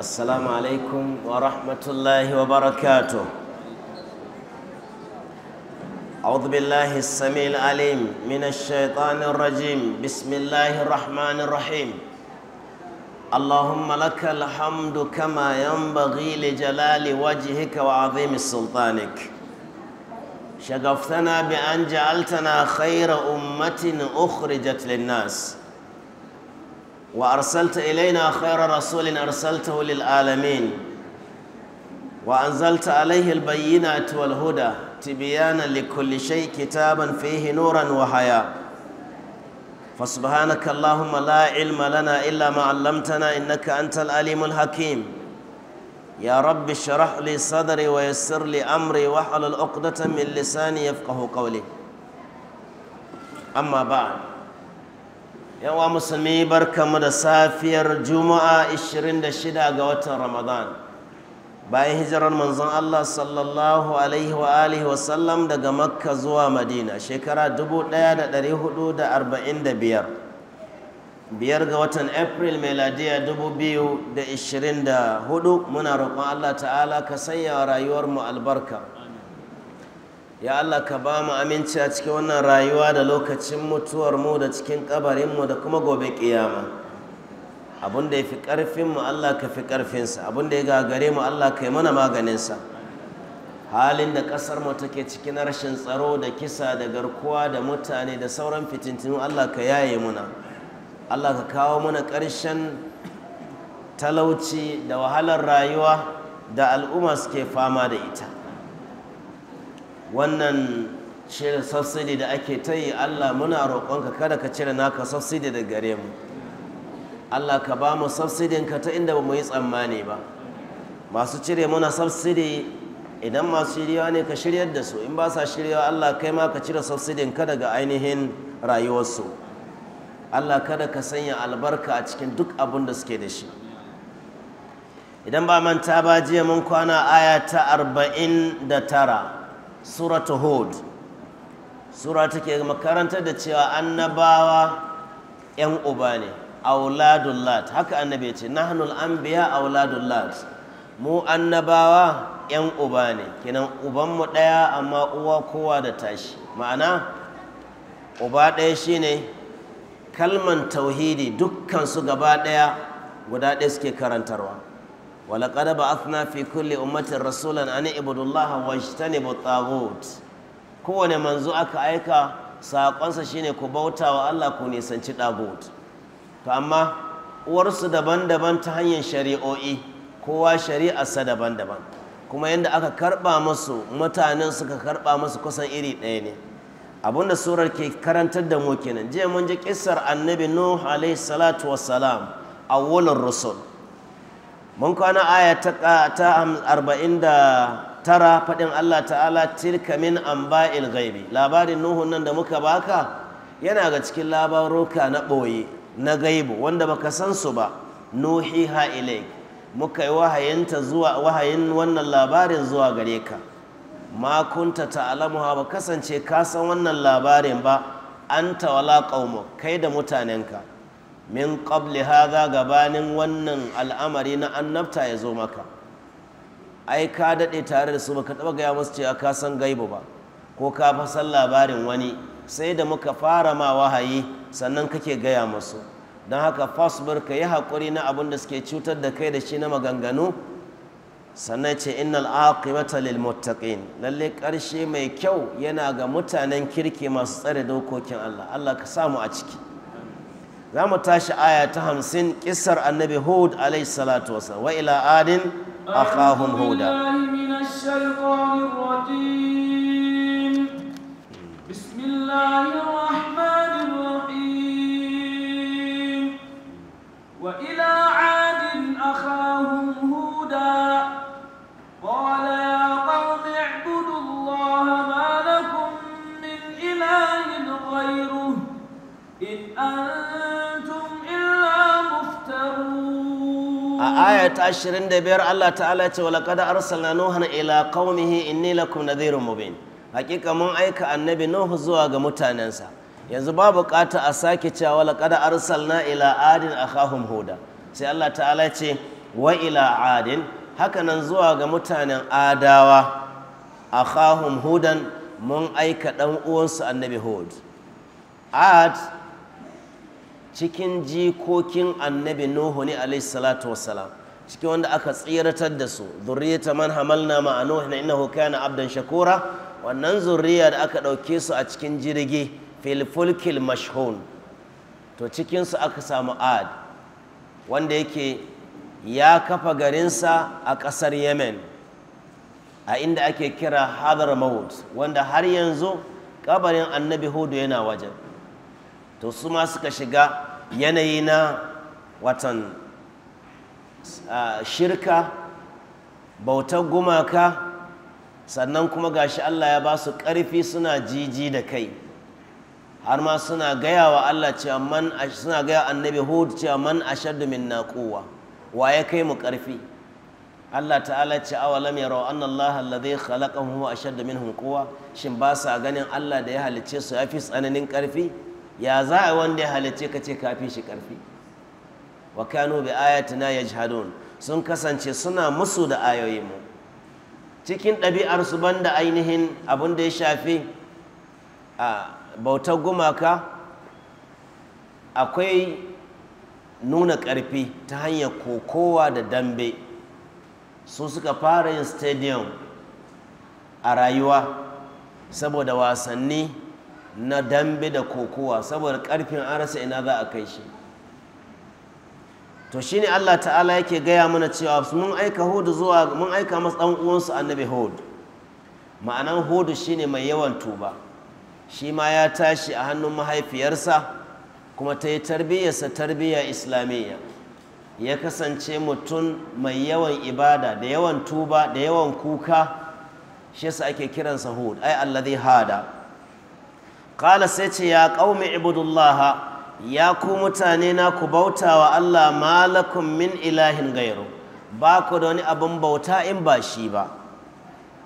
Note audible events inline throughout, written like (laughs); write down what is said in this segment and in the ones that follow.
السلام عليكم ورحمة الله وبركاته أعوذ بالله السميع العليم من الشيطان الرجيم بسم الله الرحمن الرحيم اللهم لك الحمد كما ينبغي لجلال وجهك وعظيم سلطانك شغفتنا بأن جعلتنا خير أمة أخرجت للناس وأرسلت إلينا خير رسول أرسلته للعالمين وأنزلت عليه البينات والهدى تبيانا لكل شيء كتابا فيه نورا وحياة فسبحانك اللهم لا علم لنا إلا ما علمتنا إنك أنت العليم الحكيم يا رب شرح لي صدري ويسر لي أمري وحل عقدة من لساني يفقه قولي أما بعد yawa musulmi barkamu da safiyar juma'a 26 ga watan ramadan bayan hijirar manzon allah sallallahu alaihi wa alihi wasallam daga makka zuwa madina shekara 1445 biyar ga watan april meladiya 2024 muna roƙon allah ta'ala ka sanya rayuwarmu albarka ya Allah ka ba mu aminci a cikin wannan rayuwa da lokacin mutuwarmu da cikin kabarinmu da kuma gobe kiyama abin da ya fi ƙarfinmu Allah ka fi ƙarfinsa abin da ya gagare mu Allah ka yi mana maganinsa halin da ƙasarmu mu take cikin rashin tsaro da kisa da garkuwa da mutane da sauran fitintinu Allah ka yaye muna Allah ka kawo mana ƙarshen talauci da wahalar rayuwa da al'umma suke fama da ita wannan cire subsidy da ake ta yi Allah muna roƙonka kada ka cire naka subsidy da gare mu Allah ka ba mu ka ta inda ba mu yi tsammani ba masu cire muna subsidy idan masu shiryawa ne ka shirya da su in ba sa shiryawa Allah kai ma ka cire subsidin ka daga ainihin rayuwarsu Allah kada ka sanya albarka a cikin duk abin da suke da shi idan ba manta ba jiya mun kwana aya ta arba'in da tara suratu hod sura take makarantar da cewa annabawa yan uba ne auladul lat haka annabi ya ce nahnul anbiya auladul lat mu annabawa yan uba ne kenan uban mu daya amma uwa kowa da tashi ma'ana uba daya shine kalman tauhidi dukkan su gaba daya guda ɗaya suke karantarwa ولقد بعثنا في كل أمة رسولا أن اعبدوا الله واجتنبوا الطاغوت kowane manzo aka aika saƙonsa shine ku bauta wa Allah ku nisanci ɗab'ut. to amma uwarsu daban-daban ta hanyar shari'o'i kowa shari'arsa daban-daban kuma yadda aka karɓa masu mutanen suka karɓa masu kusan iri ɗaya ne abinda surar ke karantar da mu kenan jiya mun ji ƙisar annabi nuh alaihi salatu wassalam awwalur rusul mun kwana aya ta arba'in da tara faɗin Allah ta'ala tilka min amba'il gaibi labarin nuhun nan da muka baka yana ga cikin labaruka na ɓoye na gaibu wanda baka san su ba nuhi ha ilaik muka yi wahayin wannan labarin zuwa gare ka ma kunta ta'lamuha ba kasance ka san wannan labarin ba anta wala qaumuk kai da mutanenka min qabli haza gabanin wannan al'amari na annabta ya zo maka ai ka daɗe tare da su baka taɓa gaya musu cewa ka san gaibu ba ko ka fa san labarin wani sai da muka fara ma wahayi sannan kake gaya musu don haka fasbur ka yi haƙuri na abin da suke cutar da kai da shi na maganganu sannan ce innal aqibata lil muttaqin lalle ƙarshe mai kyau yana ga mutanen kirki masu tsare dokokin Allah Allah ka samu a ciki za تاش آية aya كسر hamsin هود annabi hud alaihi salatu wasalam wa ila adin بسم الله الرحمن الرحيم وإلى عاد أخاهم هودا قال يا قوم اعبدوا الله ما لكم من إله غيره إن أنتم aya ta 25 Allah ta'ala ce wa laqad arsalna nuhan ila qaumihi inni lakum nadhirun mubin hakika mun aika annabi nuhu zuwa ga mutanensa yanzu ba bukata a sake cewa laqad arsalna ila adin akhahum huda sai Allah ta'ala ce wa ila adin hakanan zuwa ga mutanen adawa akhahum hudan mun aika dan uwansu annabi hud ad cikin jikokin annabi nuhu ne alaihi salatu cikin wanda aka tsiratar da su zurriyata man hamalna ma a nuhu innahu kana abdan shakura wannan zurriya da aka ɗauke su a cikin jirgi filfulkil mashhun to cikin aka samu ad wanda yake ya kafa garinsa a ƙasar yemen a inda ake kira hadramaut wanda har yanzu kabarin annabi hudu yana wajen to su ma suka shiga yanayi na watan shirka bautar gumaka sannan kuma gashi Allah ya ba su ƙarfi suna jiji da kai har ma suna gaya wa Allah cewa man suna gaya annabi Hud cewa man ashaddu minna quwwa wa ya kai mu ƙarfi Allah ta'ala ce awalam yaraw anna Allah alladhi khalaqahum huwa ashaddu minhum quwwa shin ba sa ganin Allah da ya halicce su yafi tsananin ƙarfi ya za a wanda ya halarce ka ce kafi shi karfi wa kanu bi ayatina yajhadun sun kasance suna musu da ayoyin mu cikin ɗabi'ar su banda ainihin abin da ya shafi a bautar gumaka akwai nuna ƙarfi ta hanyar kokowa da dambe su suka fara yin stadium a rayuwa saboda wasanni na dambe da kokowa saboda karfin an rasa ina za a kai shi to shine Allah ta'ala yake gaya mana cewa mun aika hudu zuwa mun aika masa dan uwansu annabi hud ma'anan hudu shine mai yawan tuba shi ma ya tashi a hannun mahaifiyarsa kuma ta yi tarbiyyarsa tarbiyya islamiyya ya kasance mutum mai yawan ibada da yawan tuba da yawan kuka shi ake kiransa hud ai zai hada qala sai ce ya qaumi ibudullaha ya ku mutane na ku bauta wa Allah malakum min ilahin gairu ba ku da wani abin bauta in ba shi ba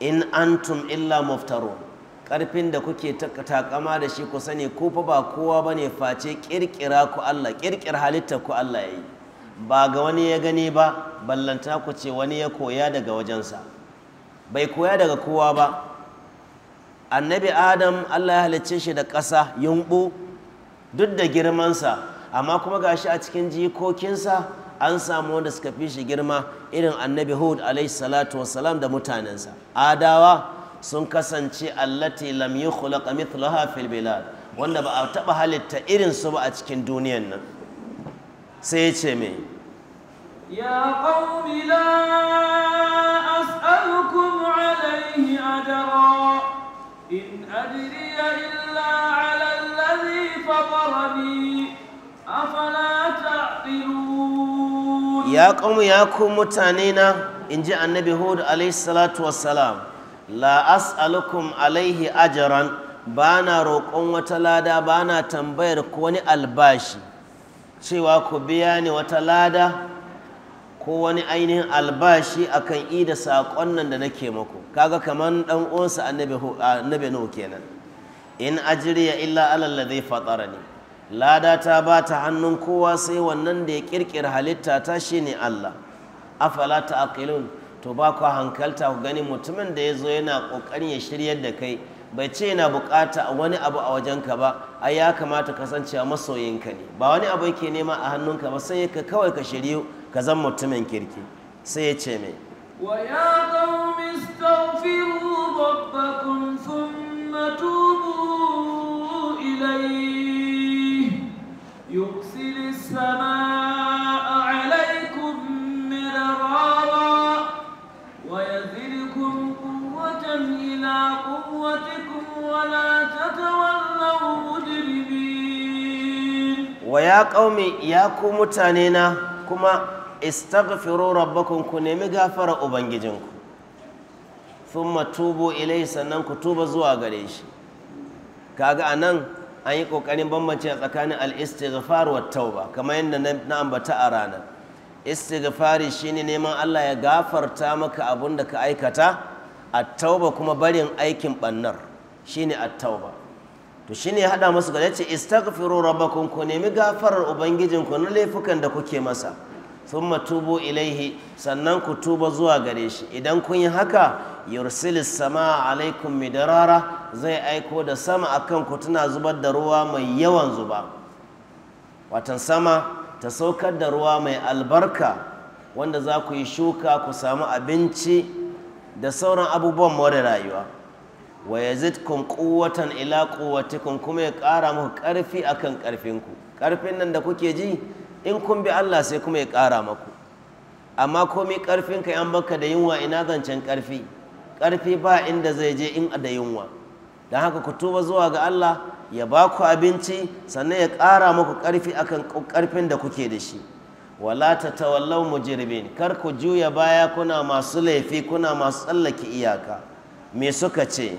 in antum illa muftaru ƙarfin da kuke takama da shi ku sani ku fa ba kowa ba ne face ƙirƙira ku Allah ƙirƙir halitta ku Allah ya yi ba ga wani ya gani ba ballanta ku ce wani ya koya daga wajensa bai koya daga kowa ba annabi adam allah ya halicce shi da ƙasa yunɓu duk da girmansa amma kuma ga shi a cikin jikokinsa an samu wanda suka fi shi girma irin annabi hud alaihi salatu wasalam da mutanensa adawa sun kasance allati lam yukhlaq mithlaha fil bilad wanda ba a taɓa halitta irin su ba a cikin duniyan nan sai ya ce me ya qaumi la as'alukum alaihi adara إن أجري إلا على الذي فطرني أفلا تعقلون يا قوم يا قوم متانينا إن جاء النبي هود عليه الصلاة والسلام لا أسألكم عليه أجرا بانا روكم وتلادا بانا تنبير كوني الباشي wani albashi cewa ku ko wani ainihin albashi akan i da saƙon nan da nake muku kaga kaman dan uwansa annabi nuhu kenan in ajriya illa zai ladhi fatarani lada ta ba ta hannun kowa sai wannan da ya kirkira halitta ta shine Allah afala ta'qilun to ba ku hankalta ku gani mutumin da ya zo yana ƙoƙarin ya shirya da kai bai ce yana bukata wani abu a wajenka ba a ya kamata kasancewa masoyinka ne ba wani abu yake nema a hannunka ba sai ka kawai ka shiryu ka zan mutumin kirki sai ya ce mai ويا قوم السماء wa ya qaumi ya ku mutane na kuma istaghfiru rabbakum ku nemi gafara ubangijinku thumma tubu ilai sannan ku tuba zuwa gare shi kaga anan an yi kokarin bambance a tsakanin al-istighfar wa tauba kamar yadda na ambata a rana istighfari shine neman Allah ya gafarta maka abun da ka aikata at-tauba kuma barin aikin bannar shine at-tauba to shine ya hada musu gaba ce istaghfiru rabbakum ku nemi gafarar ubangijinku na laifukan da kuke masa thumma tubu ilaihi sannan ku tuba zuwa gare shi idan kun yi haka yursilis sama alaikum midarara zai aiko da sama akan ku tana zubar da ruwa mai yawan zuba watan sama ta saukar da ruwa mai albarka wanda za ku yi shuka ku samu abinci da sauran abubuwan more rayuwa wa zidkun kowatan ila quwwatikum kuma ya kara muku karfi akan karfinku Karfin nan da kuke ji in kun bi Allah sai kuma ya kara maku amma komi karfinka 'yan baka da yunwa ina zancen karfi? Karfi ba inda zai je in da yunwa don haka ku tuba zuwa ga Allah ya ba ku abinci sannan ya ƙara muku karfi akan karfin da kuke da shi wala ta tawallau mujrimin kar ku juya baya kuna masu laifi kuna masu tsallake iyaka me suka ce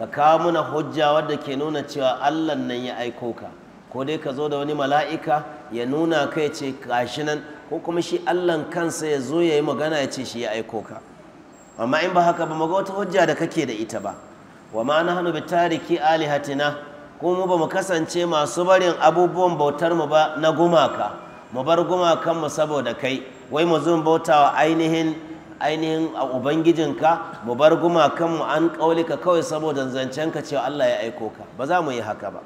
ka kawo muna hujja wadda ke nuna cewa Allah nan ya aiko ka ko dai ka zo da wani mala'ika ya nuna kai ya ce kashi nan ko kuma shi Allah kansa ya zo ya yi magana ya ce shi ya aiko ka amma in ba haka ba maga wata hujja da kake da ita ba wa ma hannu bi tariki alihatina ko mu ba mu kasance masu barin abubuwan bautar mu ba na gumaka mu bar gumakan mu saboda kai wai mu zo bautawa ainihin ainihin a ubangijinka mu bar gumakanmu an kaulika kawai saboda zancen ka cewa Allah ya aiko ka ba za mu yi haka ba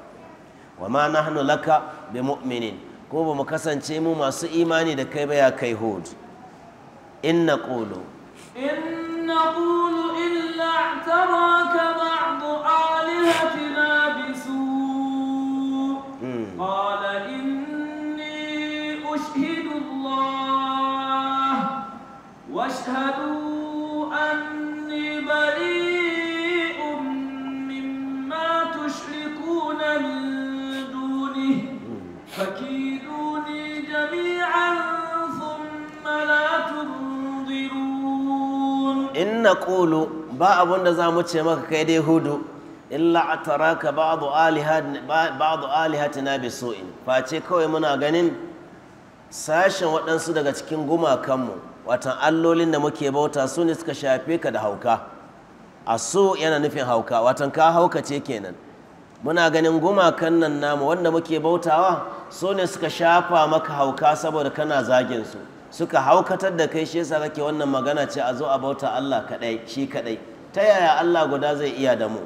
wa ma nahnu laka bi mu'minin ko ba mu kasance mu masu imani da kai ba ya kai hud in naqulu in naqulu illa taraka ba'du alihatina bisu hmm. qala واشهدوا أني بريء مما تشركون من دونه فكيدوني جميعا ثم لا تنظرون إن نقول ba abun da za mu ce maka kai dai hudu illa ataraka ba'du alihatin ba'du alihatina bi su'in face kawai muna ganin sashen waɗansu daga cikin gumakanmu watan allolin da muke bauta su ne suka shafe ka da hauka A so yana nufin hauka watan ka haukace kenan muna ganin gumakan nan namu wanda muke bautawa su ne suka shafa maka hauka saboda kana zagin su suka haukatar da kai shi yasa kake wannan magana ce a zo a bauta Allah kadai shi kadai ta yaya Allah guda zai iya da mu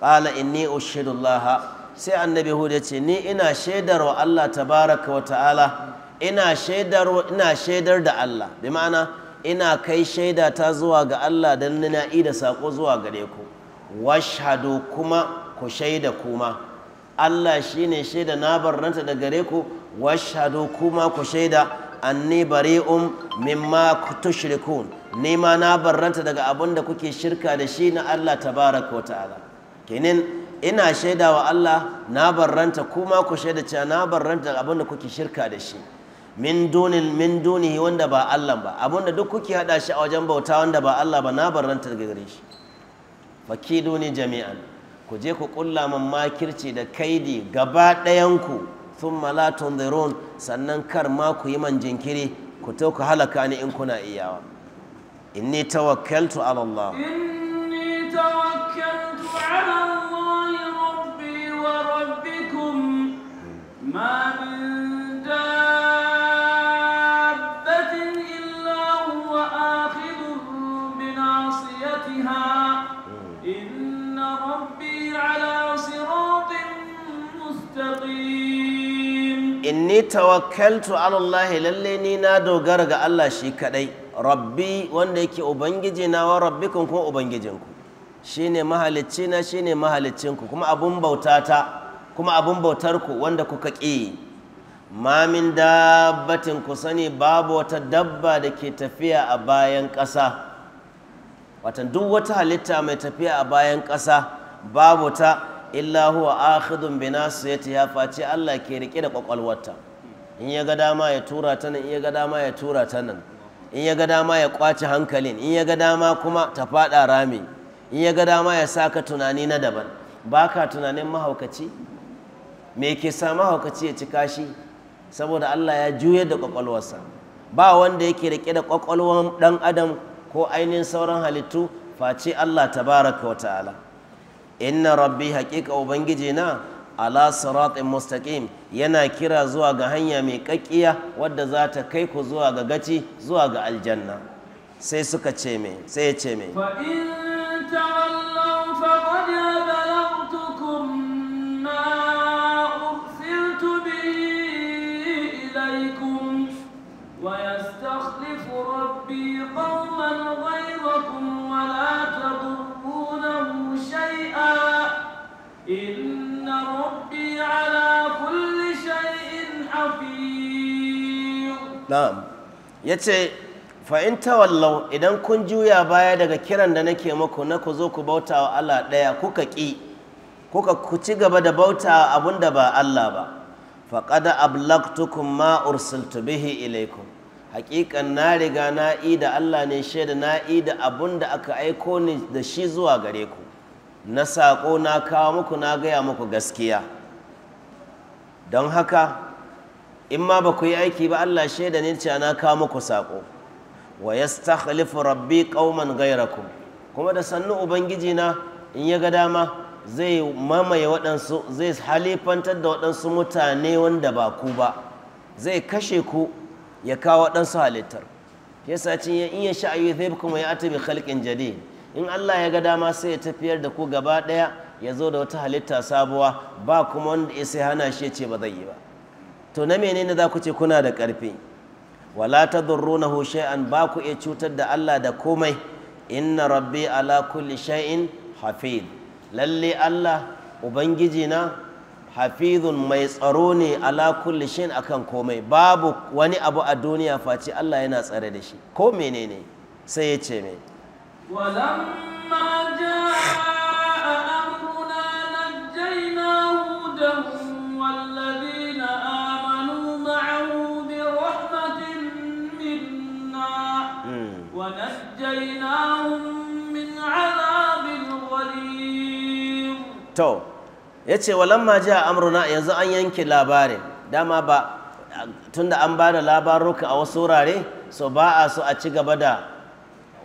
qala inni ushhidullah sai annabi Hu ya ce ni ina shaidar wa Allah tabaraka wa ta'ala ina shaidar shaidar da Allah bi ma'ana ina kai shaida ta zuwa ga Allah dan na da sako zuwa gare ku washhadu kuma ku shaida kuma Allah shine shaida na barranta da gare ku washhadu kuma ku shaida anni bari'um mimma tushrikun ni ma na barranta daga abin da kuke shirka da shi na Allah tabaraka wa ta'ala kenan ina shaidawa Allah na barranta kuma ku shaida cewa na barranta da kuke shirka da shi min dunin dunihi wanda ba Allah ba abinda duk kuke hada shi a wajen bauta wanda ba Allah ba na bar ranta daga gare shi fakiduni jami'an ku je ku kulla man makirci da kaidi gaba ɗayan ku thumma la tunzirun sannan kar ma ku yi man jinkiri ku to ku halaka ni in kuna iyawa inni tawakkaltu ala Allah inni tawakkaltu ala Allah rabbi wa rabbikum ma min Ni tawakkaltu ala Allah lalle ni na dogara ga Allah shi kadai rabbi wanda yake ubangiji na wa rabbikum kuma ubangijinku shine mahalicci na shine ku, kuma abun bautata kuma abun ku wanda kuka ƙi ma min dabbatin ku sani babu wata dabba da ke tafiya a bayan ƙasa watan duk wata halitta mai tafiya a bayan ƙasa babu ta illa huwa akhidun bi nasiyatiha face Allah ke rike da kwakwalwarta in ya ga dama ya tura ta nan in ya ga dama ya tura ta nan in ya ga dama ya kwace hankalin in ya ga dama kuma ta fada rami in ya ga dama ya saka tunani na daban baka tunanin mahaukaci me ke sa mahaukaci ya cika shi saboda Allah ya juye da kwakwalwarsa ba wanda yake rike da kwakwalwar dan adam ko ainihin sauran halittu face Allah tabaraka wa ta'ala inna rabbi haƙiƙa ubangiji na ala siratin mustaqim yana kira zuwa ga hanya mai ƙaƙƙiya wadda za ta kai ku zuwa ga gaci zuwa ga aljanna sai suka ce me sai ya ce me ويستخلف ربي قوما غيركم ولا إن ربي على fa'in tawallau idan kun juya baya daga kiran da nake maku na ku zo ku bauta wa Allah ɗaya kuka ƙi kuka ku ci gaba da bauta abun da ba Allah ba faƙada ablaktukum ma ursiltu bihi haƙiƙan na riga na da Allah ne shaida na'ida da abun da aka aiko ni da shi zuwa gare ku na saƙo na kawo muku na gaya muku gaskiya don haka in ma ba ku yi aiki ba Allah shaida ne cewa na kawo muku saƙo wa ya yastakhlifu rabbi gaira ku kuma da sannu ubangijina, in ya ga dama zai mamaye waɗansu zai halifantar da waɗansu mutane wanda ba ku ba zai kashe ku ya kawo waɗansu halittar yasa cin in ya sha'ayi zai kuma ya ati bi khalqin in Allah ya ga dama sai ya tafiyar da ku gaba ɗaya ya zo da wata halitta sabuwa ba kuma wanda ya sai hana shi ce ba zai yi ba to na menene za ku ce kuna da ƙarfi wala na shay'an ba ku iya cutar da Allah da komai inna rabbi ala kulli shay'in hafiz lalle Allah ubangiji na hafizun mai tsaro ne ala kulli shay'in akan komai babu wani abu a duniya face Allah yana tsare da shi ko menene sai ya ce mai ولما جاء أمرنا نجينا هودا والذين آمنوا معه برحمة منا ونجيناهم من yace walamma amruna yanzu an yanke labarin dama ba tunda an ba da labaruka a wasu wurare so ba a so a ci gaba da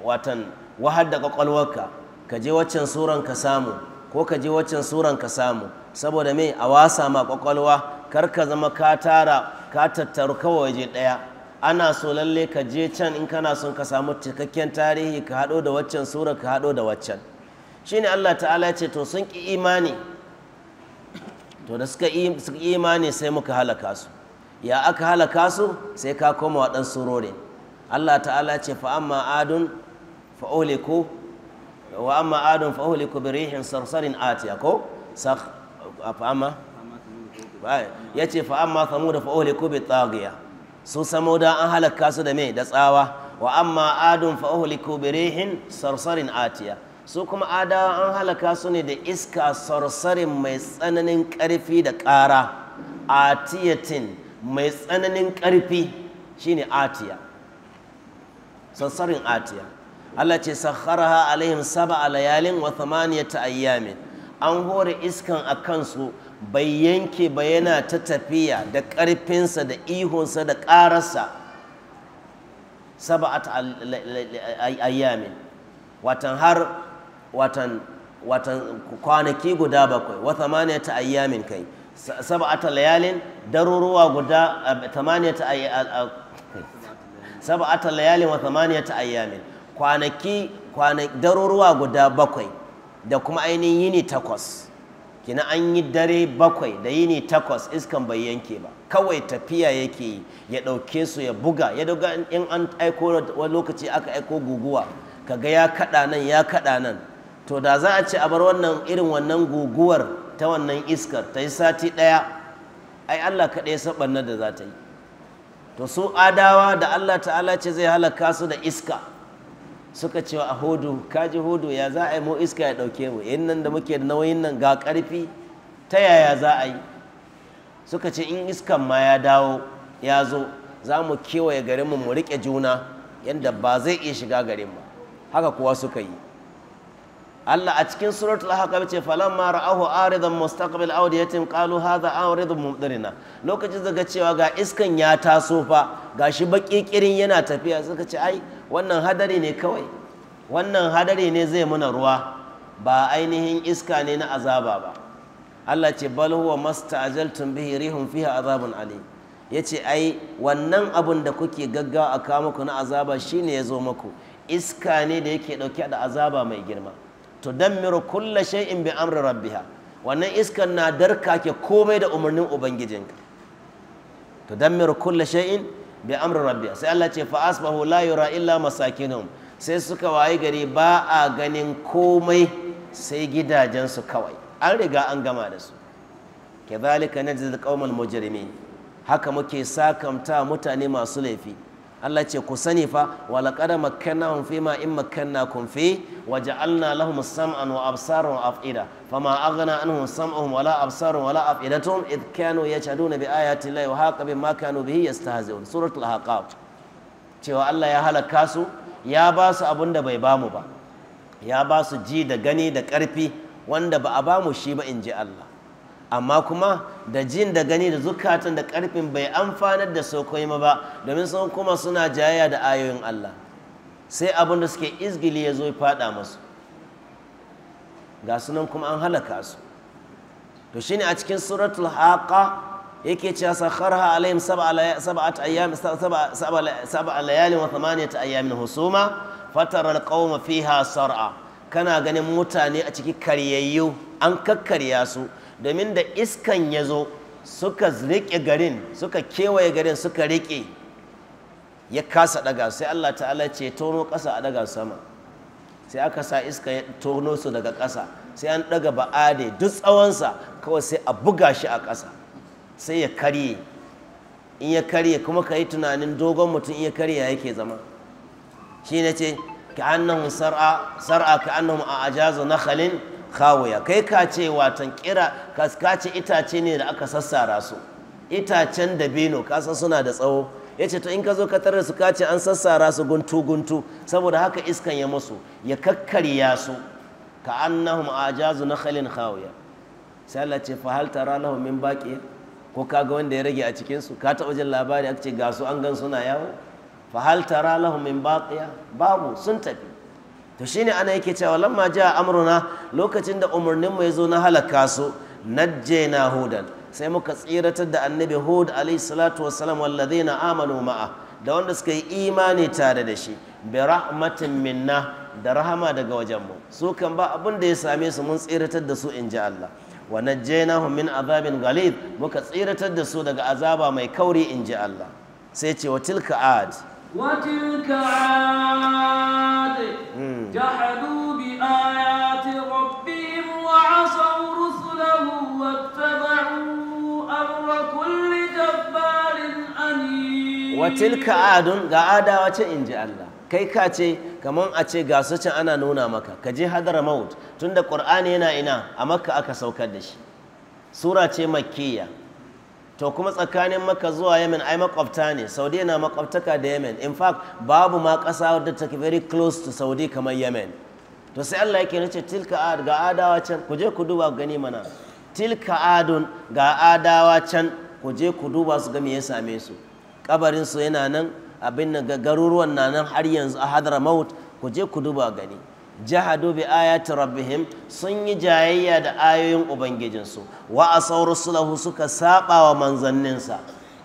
watan wahar da kwakwalwarka ka je waccan suran ka samu ko ka je waccan suran ka samu saboda me a wasa ma kwakwalwa kar ka zama ka tara ka tattaru kawai waje ɗaya ana so lalle ka je can in kana son ka samu cikakken tarihi ka haɗo da waccan sura ka haɗo da waccan shine Allah ta'ala ce to sun ki imani to da suka imani sai muka halaka su ya aka halaka su sai ka koma waɗansu rore Allah ta'ala ce fa amma adun fa'uliku wa amma adun fa'uliku bi rihin sarsarin atiya ko sak fa'amma ya ce fa'amma famu da fa'uliku bi tsagiya su samu da an halakka su da mai da tsawa wa amma adun fa'uliku bi rihin sarsarin atiya su kuma adawa an halaka su ne da iska sarsarin mai tsananin karfi da ƙara atiyatin mai tsananin karfi shine atiya sarsarin atiya Allah ce ha alaihim sab'a layalin wa thamaniyata ayyamin an hore iskan a kansu bai yanke ba yana ta tafiya da ƙarfinsa da ihunsa da ƙararsa saba ayyamin watan har watan watan kwanaki guda bakwai wa thamaniyata ayyamin kai sab'at layalin daruruwa guda thamaniyata sab'at layalin wa thamaniyata ayyamin kwanaki daruruwa guda bakwai da kuma ainihin yini takwas kina an yi dare bakwai da yini takwas iskan bai yanke ba kawai tafiya yake yi ya ɗauke su ya buga ya daga in an aiko wani lokaci aka aiko guguwa kaga ya kaɗa nan ya kaɗa nan to da za a ce a bar wannan irin wannan guguwar ta wannan iskar ta yi sati ɗaya ai Allah kaɗai ya saɓannar da za ta yi to su adawa da Allah ta'ala ce zai halaka su da iska suka cewa a hudu kaji hudu ya za a yi mu iska ya ɗauke mu yin nan da muke da nauyin nan ga ƙarfi ta yaya za a yi suka ce in iskan ma ya dawo ya zo za mu kewaye garinmu mu riƙe juna yadda ba zai iya shiga garin ba haka kuwa suka yi Allah a cikin suratul haqqa ce falamma ra'ahu aridan mustaqbil awdiyatin qalu hadha aridun mumdirina lokacin daga cewa ga iskan ya taso fa gashi baƙiƙirin yana tafiya suka ce ai wannan hadari ne kawai wannan hadari ne zai muna ruwa ba ainihin iska ne na azaba ba Allah ce bal huwa masta'ajaltum bihi rihun fiha azabun alim yace ai wannan abun da kuke gaggawa a kawo muku na azaba shine ya zo maku. iska ne da yake dauke da azaba mai girma to miro kulla shay'in bi amri rabbiha wannan iskan na darka ke komai da umarnin ubangijinka to miro kulla shay'in bi amri rabbi sai Allah ce fa asbahu la yura illa masakinum sai suka wayi gari ba a ganin komai sai gidajensu kawai an riga an gama da su kazalika najzil qaumal mujrimin haka muke sakamta mutane masu laifi Allah ce ku sani fa wa laqad makkannahum fi ma in makkannakum fi wa ja'alna lahum sam'an wa absaran wa af'ida fama aghna anhum sam'uhum wala absaruhum wala af'idatuhum id kanu yashaduna bi ayati llahi wa haqa ma kanu bihi yastahzi'un suratul ahqaf cewa Allah ya halaka su ya ba su da bai bamu ba ya ba su ji da gani da ƙarfi wanda ba a bamu shi ba in ji Allah amma kuma da jin da gani da zukatan da karfin bai amfanar da ma ba domin sun kuma suna jayaya da ayoyin Allah sai abin da suke izgili ya zo ya fada masu ga sunan kuma an halaka su to shine a cikin suratul haqa yake cewa sakharha alaihim sab'at ayyam sab'a layalin wa thamaniyat ayyamin husuma fatara alqawma fiha sar'a kana ganin mutane a cikin karyayyu an kakkarya su domin da iskan ya zo suka riƙe garin suka kewaye garin suka riƙe ya kasa daga sai Allah ta'ala ce tono ƙasa a daga sama sai aka sa iska ya tono su daga ƙasa sai an daga ba'ade duk tsawonsa kawai sai a buga shi a ƙasa sai ya karye in ya karye kuma ka yi tunanin dogon mutum in ya karye yake zama shi ne ce ka annahum sar'a ka annahum a ajazu khalin." khawaya kai ka ce watan kira ka ce itace ne da aka sassara su itacen da dabino kasa suna da tsawo ya ce to in ka zo ka tarar su ka ce an sassara su guntu guntu saboda haka iskan ya musu ya kakkarya su ka annahum ajazu nakhlin khawiya sai Allah ce fa hal tara lahum min baqi ko kaga wanda ya rage a cikin ka taɓa jin labari aka ce ga su an gan suna yawo fa hal tara lahum min baqiya babu sun tafi to shine ana yake cewa lamma ja amruna lokacin da umarnin mai zo na halaka su najjayna hudan sai muka tsiratar da annabi hud alayhi salatu wassalam walladhina amanu ma'a da wanda suka yi imani tare da shi bi rahmatin minna da rahama daga wajenmu, mu su kan ba abin da ya same su mun tsiratar da su in ji Allah wa najjaynahum min azabin ghalib muka tsiratar da su daga azaba mai kauri in ji Allah sai ce wa tilka ad وتلك عاد جحدوا بآيات ربهم وعصوا رسله واتبعوا أمر كل جبار أنيب وتلك عاد قعادة وتئن الله kai ka ce kamar a ce ga can ana nuna maka ka je hadar maut tunda qur'ani yana ina a makka aka saukar da shi sura ce makkiya to kuma tsakanin maka zuwa yemen ai makwabta ne saudi na makwabtaka da yemen in fact babu ma ƙasa da ta very close to saudi kamar yemen to sai allah yake nace tilka ga adawa can ku je ku duba gani mana tilka adun ga adawa can ku je ku duba su ga me ya same su kabarin su yana nan abin garuruwan na nan har yanzu a hadar maut ku je ku duba gani jahadu bi ayati rabbihim sun yi jayayya da ayoyin ubangijinsu wa asaw rusulahu suka saba wa manzanninsa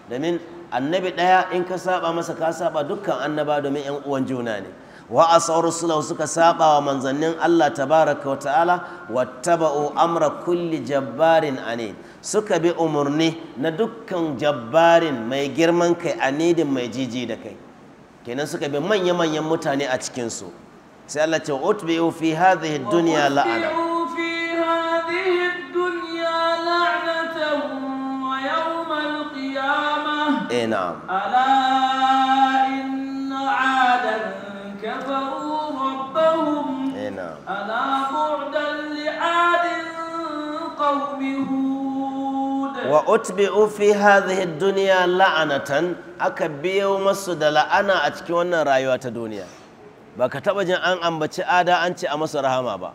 domin annabi daya in ka saba masa ka saba dukkan annaba domin yan uwan juna ne wa asaw rusulahu suka saba wa manzannin Allah tabaraka wa ta'ala wattaba'u amra kulli jabbarin Ani. suka bi umarni na dukkan jabbarin mai girman kai anidin mai jiji da kai kenan suka bi manya-manyan mutane a cikinsu sai Allah ce utbi'u fi hadhihi dunya la'ana fi hadhihi dunya la'natan wa yawm al-qiyamah eh na'am ala inna 'adan kafaru rabbahum eh na'am ala bu'dan li'adin qawmihum wa utbi'u fi hadhihi ad-dunya la'anatan aka biyo masu da la'ana a cikin wannan rayuwa ta duniya Ba ka taba jin an ambaci ada an ce a masa rahama ba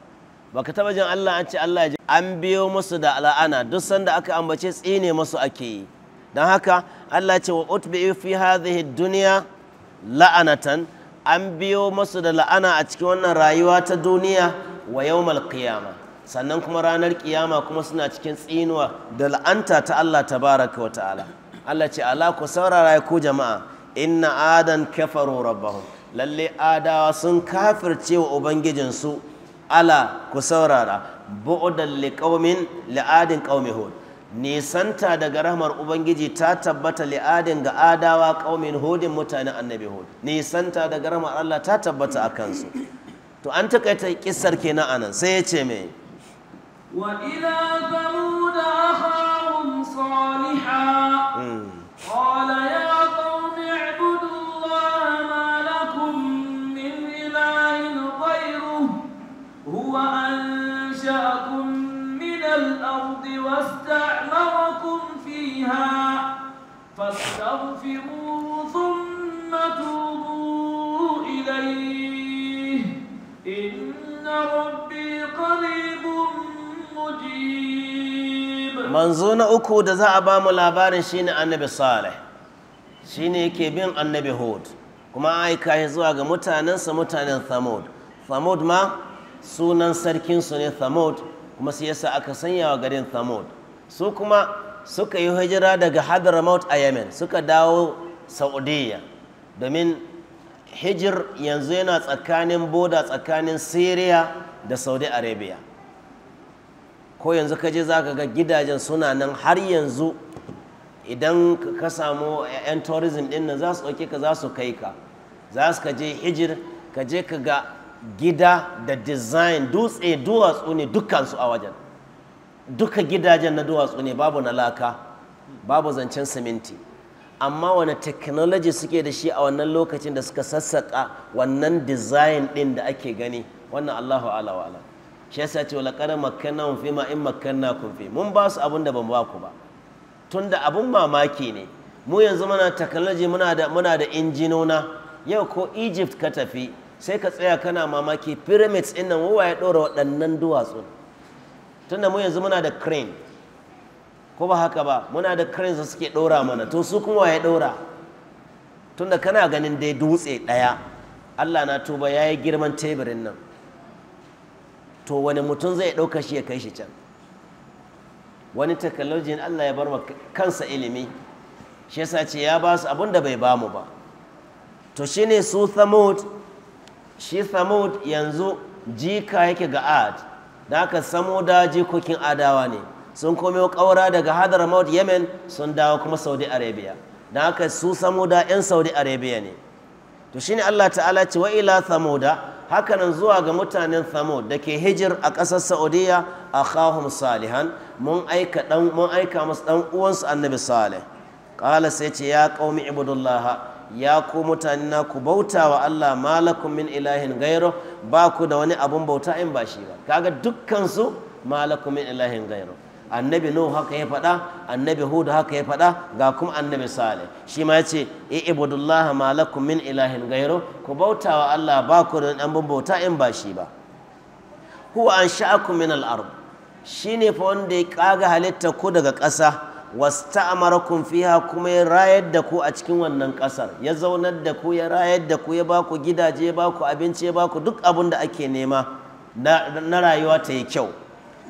Ba ka taba jin Allah an ce Allah ya an biyo musu da la'ana duk sanda aka ambace tsine musu ake yi don haka Allah ce wa utbi fi hadhihi dunya la'anatan an biyo masu da la'ana a cikin wannan rayuwa ta duniya wa yawmal qiyama sannan kuma ranar kiyama kuma suna cikin tsinuwa da la'anta ta Allah tabaraka wa ta'ala Allah ce ala ku saurara ku jama'a inna adan kafaru rabbahum lalle adawa sun kafirce wa ubangijinsu ala ku saurara bu'udan liqaumin li'adin qaumi hud nisanta daga rahmar ubangiji ta tabbata li'adin ga adawa qaumin hudin mutanen annabi hud nisanta daga rahmar Allah ta tabbata a kansu to an takaita kissar kenan anan sai ya ce mai wa ila thamud akhahum salihah hmm. qala ya استعمركم فيها فاستغفروا ثم توبوا إليه إن ربي قريب مجيب منزون أكو دزا أبام الأبار شين النبي صالح شين يكيبين النبي هود كما aika ya zuwa ga mutanensa ثمود thamud thamud ma sunan sarkinsu ne kuma sai yasa aka sanya wa garin thamud su kuma suka yi hijira daga hadramaut a yemen suka dawo saudiya domin hijir yanzu yana tsakanin boda tsakanin syria da saudi arabia ko yanzu ka je za ga gidajen suna nan har yanzu idan ka samu 'yan tourism din nan za su ɗauke ka za su kai ka za su ka je hijir ka je ka ga gida da design dutse duwatsu ne dukansu a wajen duka gidajen na duwatsu ne babu na laka babu zancen siminti amma wani technology suke da shi a wannan lokacin da suka sassaƙa wannan design ɗin da ake gani wannan allahu ala wa'ala shi yasa ce wala kada makanna fi ma in makanna kun fi mun ba su abin da ban ba ku ba tunda abun mamaki ne mu yanzu muna technology muna da muna da injinona yau ko Egypt ka tafi sai ka tsaya kana mamaki pyramids ɗin nan wawa ya ɗora waɗannan duwatsu tunda mu yanzu muna da crane ko ba haka ba muna da cranes da suke ɗora mana to su kuma waye ɗora tunda kana ganin dai dutse ɗaya Allah na tuba ya yi girman teburin nan to wani mutum zai ɗauka shi ya kai shi can wani technology Allah ya bar kansa ilimi shi yasa ce ya ba su abin da bai ba mu ba to shi ne su thamud shi samud yanzu jika yake ga ad da aka samuda jikokin adawa ne sun komo ƙaura daga hadar maud yemen sun dawo kuma saudi arabia da aka su samuda 'yan saudi arabia ne to shine allah ta'ala ce wa ila samuda hakanan zuwa ga mutanen samud da ke hijir a ƙasar saudiya a khahum salihan mun aika musu ɗan uwansu annabi salih ƙala sai ce ya ƙaumi ibudullah ya ku mutane na ku bauta wa Allah malakum min ilahin gairo ba ku da wani abun bauta in ba shi ba kaga dukkan su malakum min ilahin gairo annabi nuhu haka ya faɗa annabi hudu haka ya faɗa ga kuma annabi salih shi ma yace e ibudullaha malakum min ilahin gairo ku bauta wa Allah ba ku da abun bauta in ba shi ba huwa an sha'akum min al-ard shine fa wanda ya kaga halitta ku daga ƙasa wasta'amarakum fiha kuma ya rayar da ku a cikin wannan kasar ya zaunar da ku ya rayar da ku ya ba ku gidaje baku ba ku abinci ya ba ku duk abin da ake nema na rayuwa ta yi kyau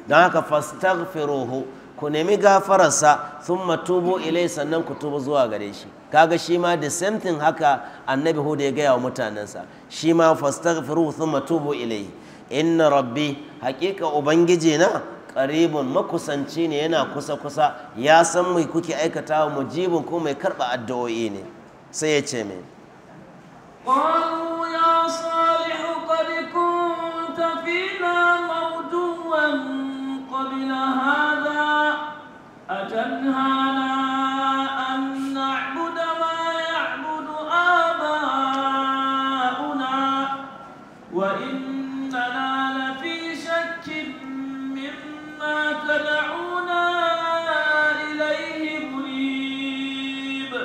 don haka fastaghfiruhu ku nemi gafararsa thumma tubu ilai sannan ku tuba zuwa gare shi kaga shi ma the same haka annabi hudu ya gaya wa mutanensa shi ma fastaghfiruhu thumma matubo ilai inna rabbi hakika ubangiji na qaribun makusanci ne yana kusa kusa ya san mai kuke aikatawa mujibin ko mai karba addu'o'i ne sai ya ce mai قالوا يا صالح قبل هذا أتنهانا أن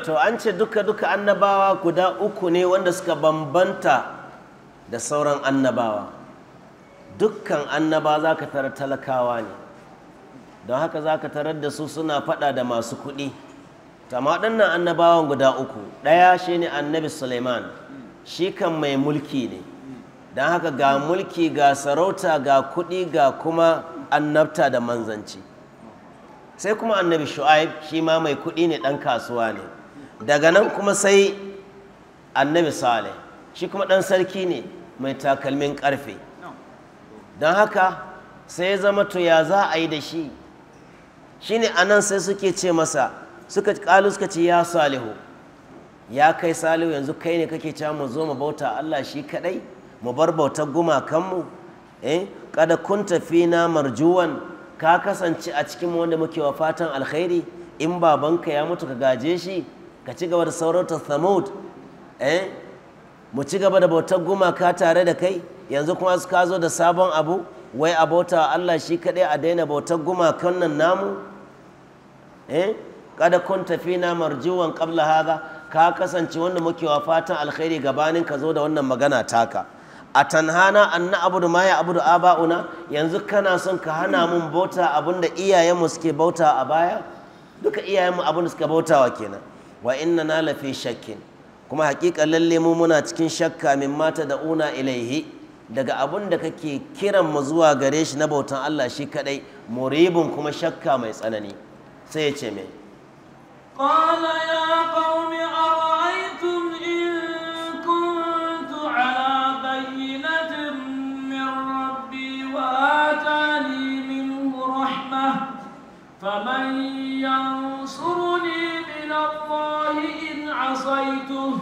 to an ce duka-duka annabawa guda uku ne wanda suka bambanta da sauran annabawa dukkan annaba za ka tarar talakawa ne don haka za ka tarar da su suna fada da masu kuɗi tama ɗannan annabawan guda uku ɗaya shi annabi suleiman shi kan mai mulki ne don haka ga mulki ga sarauta ga kuɗi ga kuma annabta da manzanci sai kuma annabi shu'aib shi ma mai kuɗi ne ɗan kasuwa ne daga nan kuma sai annabi saleh shi kuma ɗan sarki ne mai takalmin ƙarfe don haka sai ya zama to ya za a yi da shi shi ne a sai suke ce masa suka ƙalu suka ce ya salihu ya kai salihu yanzu kai ne kake cewa mu zo mu bauta allah shi kaɗai mu bar bautar gumakanmu Kada eh, kun tafi na marjuwan ka kasance a cikin wanda muke wa fatan alkhairi in babanka ya mutu ka gaje shi ka ci gaba da saurautar thamud eh, mu ci gaba da bautar gumaka tare da kai yanzu kuma su ka zo da sabon abu wai a bauta Allah shi kaɗai a daina bautar gumakan nan namu kada eh, kun tafi na marjuwan kabla haga ka kasance wanda muke wa fatan alkhairi gabanin ka zo da wannan magana taka a tanhana an na abudu ma ya abudu aba'una yanzu kana son ka hana mun bauta abinda iyayenmu suke bauta a baya duka iyayenmu abinda suka bautawa kenan wa inna na lafi shakkin kuma hakika lalle mu muna cikin shakka min mata da una ilaihi daga abin da kake kiran mu zuwa gare shi na bautan Allah shi kadai muribun kuma shakka mai tsanani sai ya ce me qala ya qaumi ara'aytum in آتاني منه رحمة فمن ينصرني من الله إن عصيته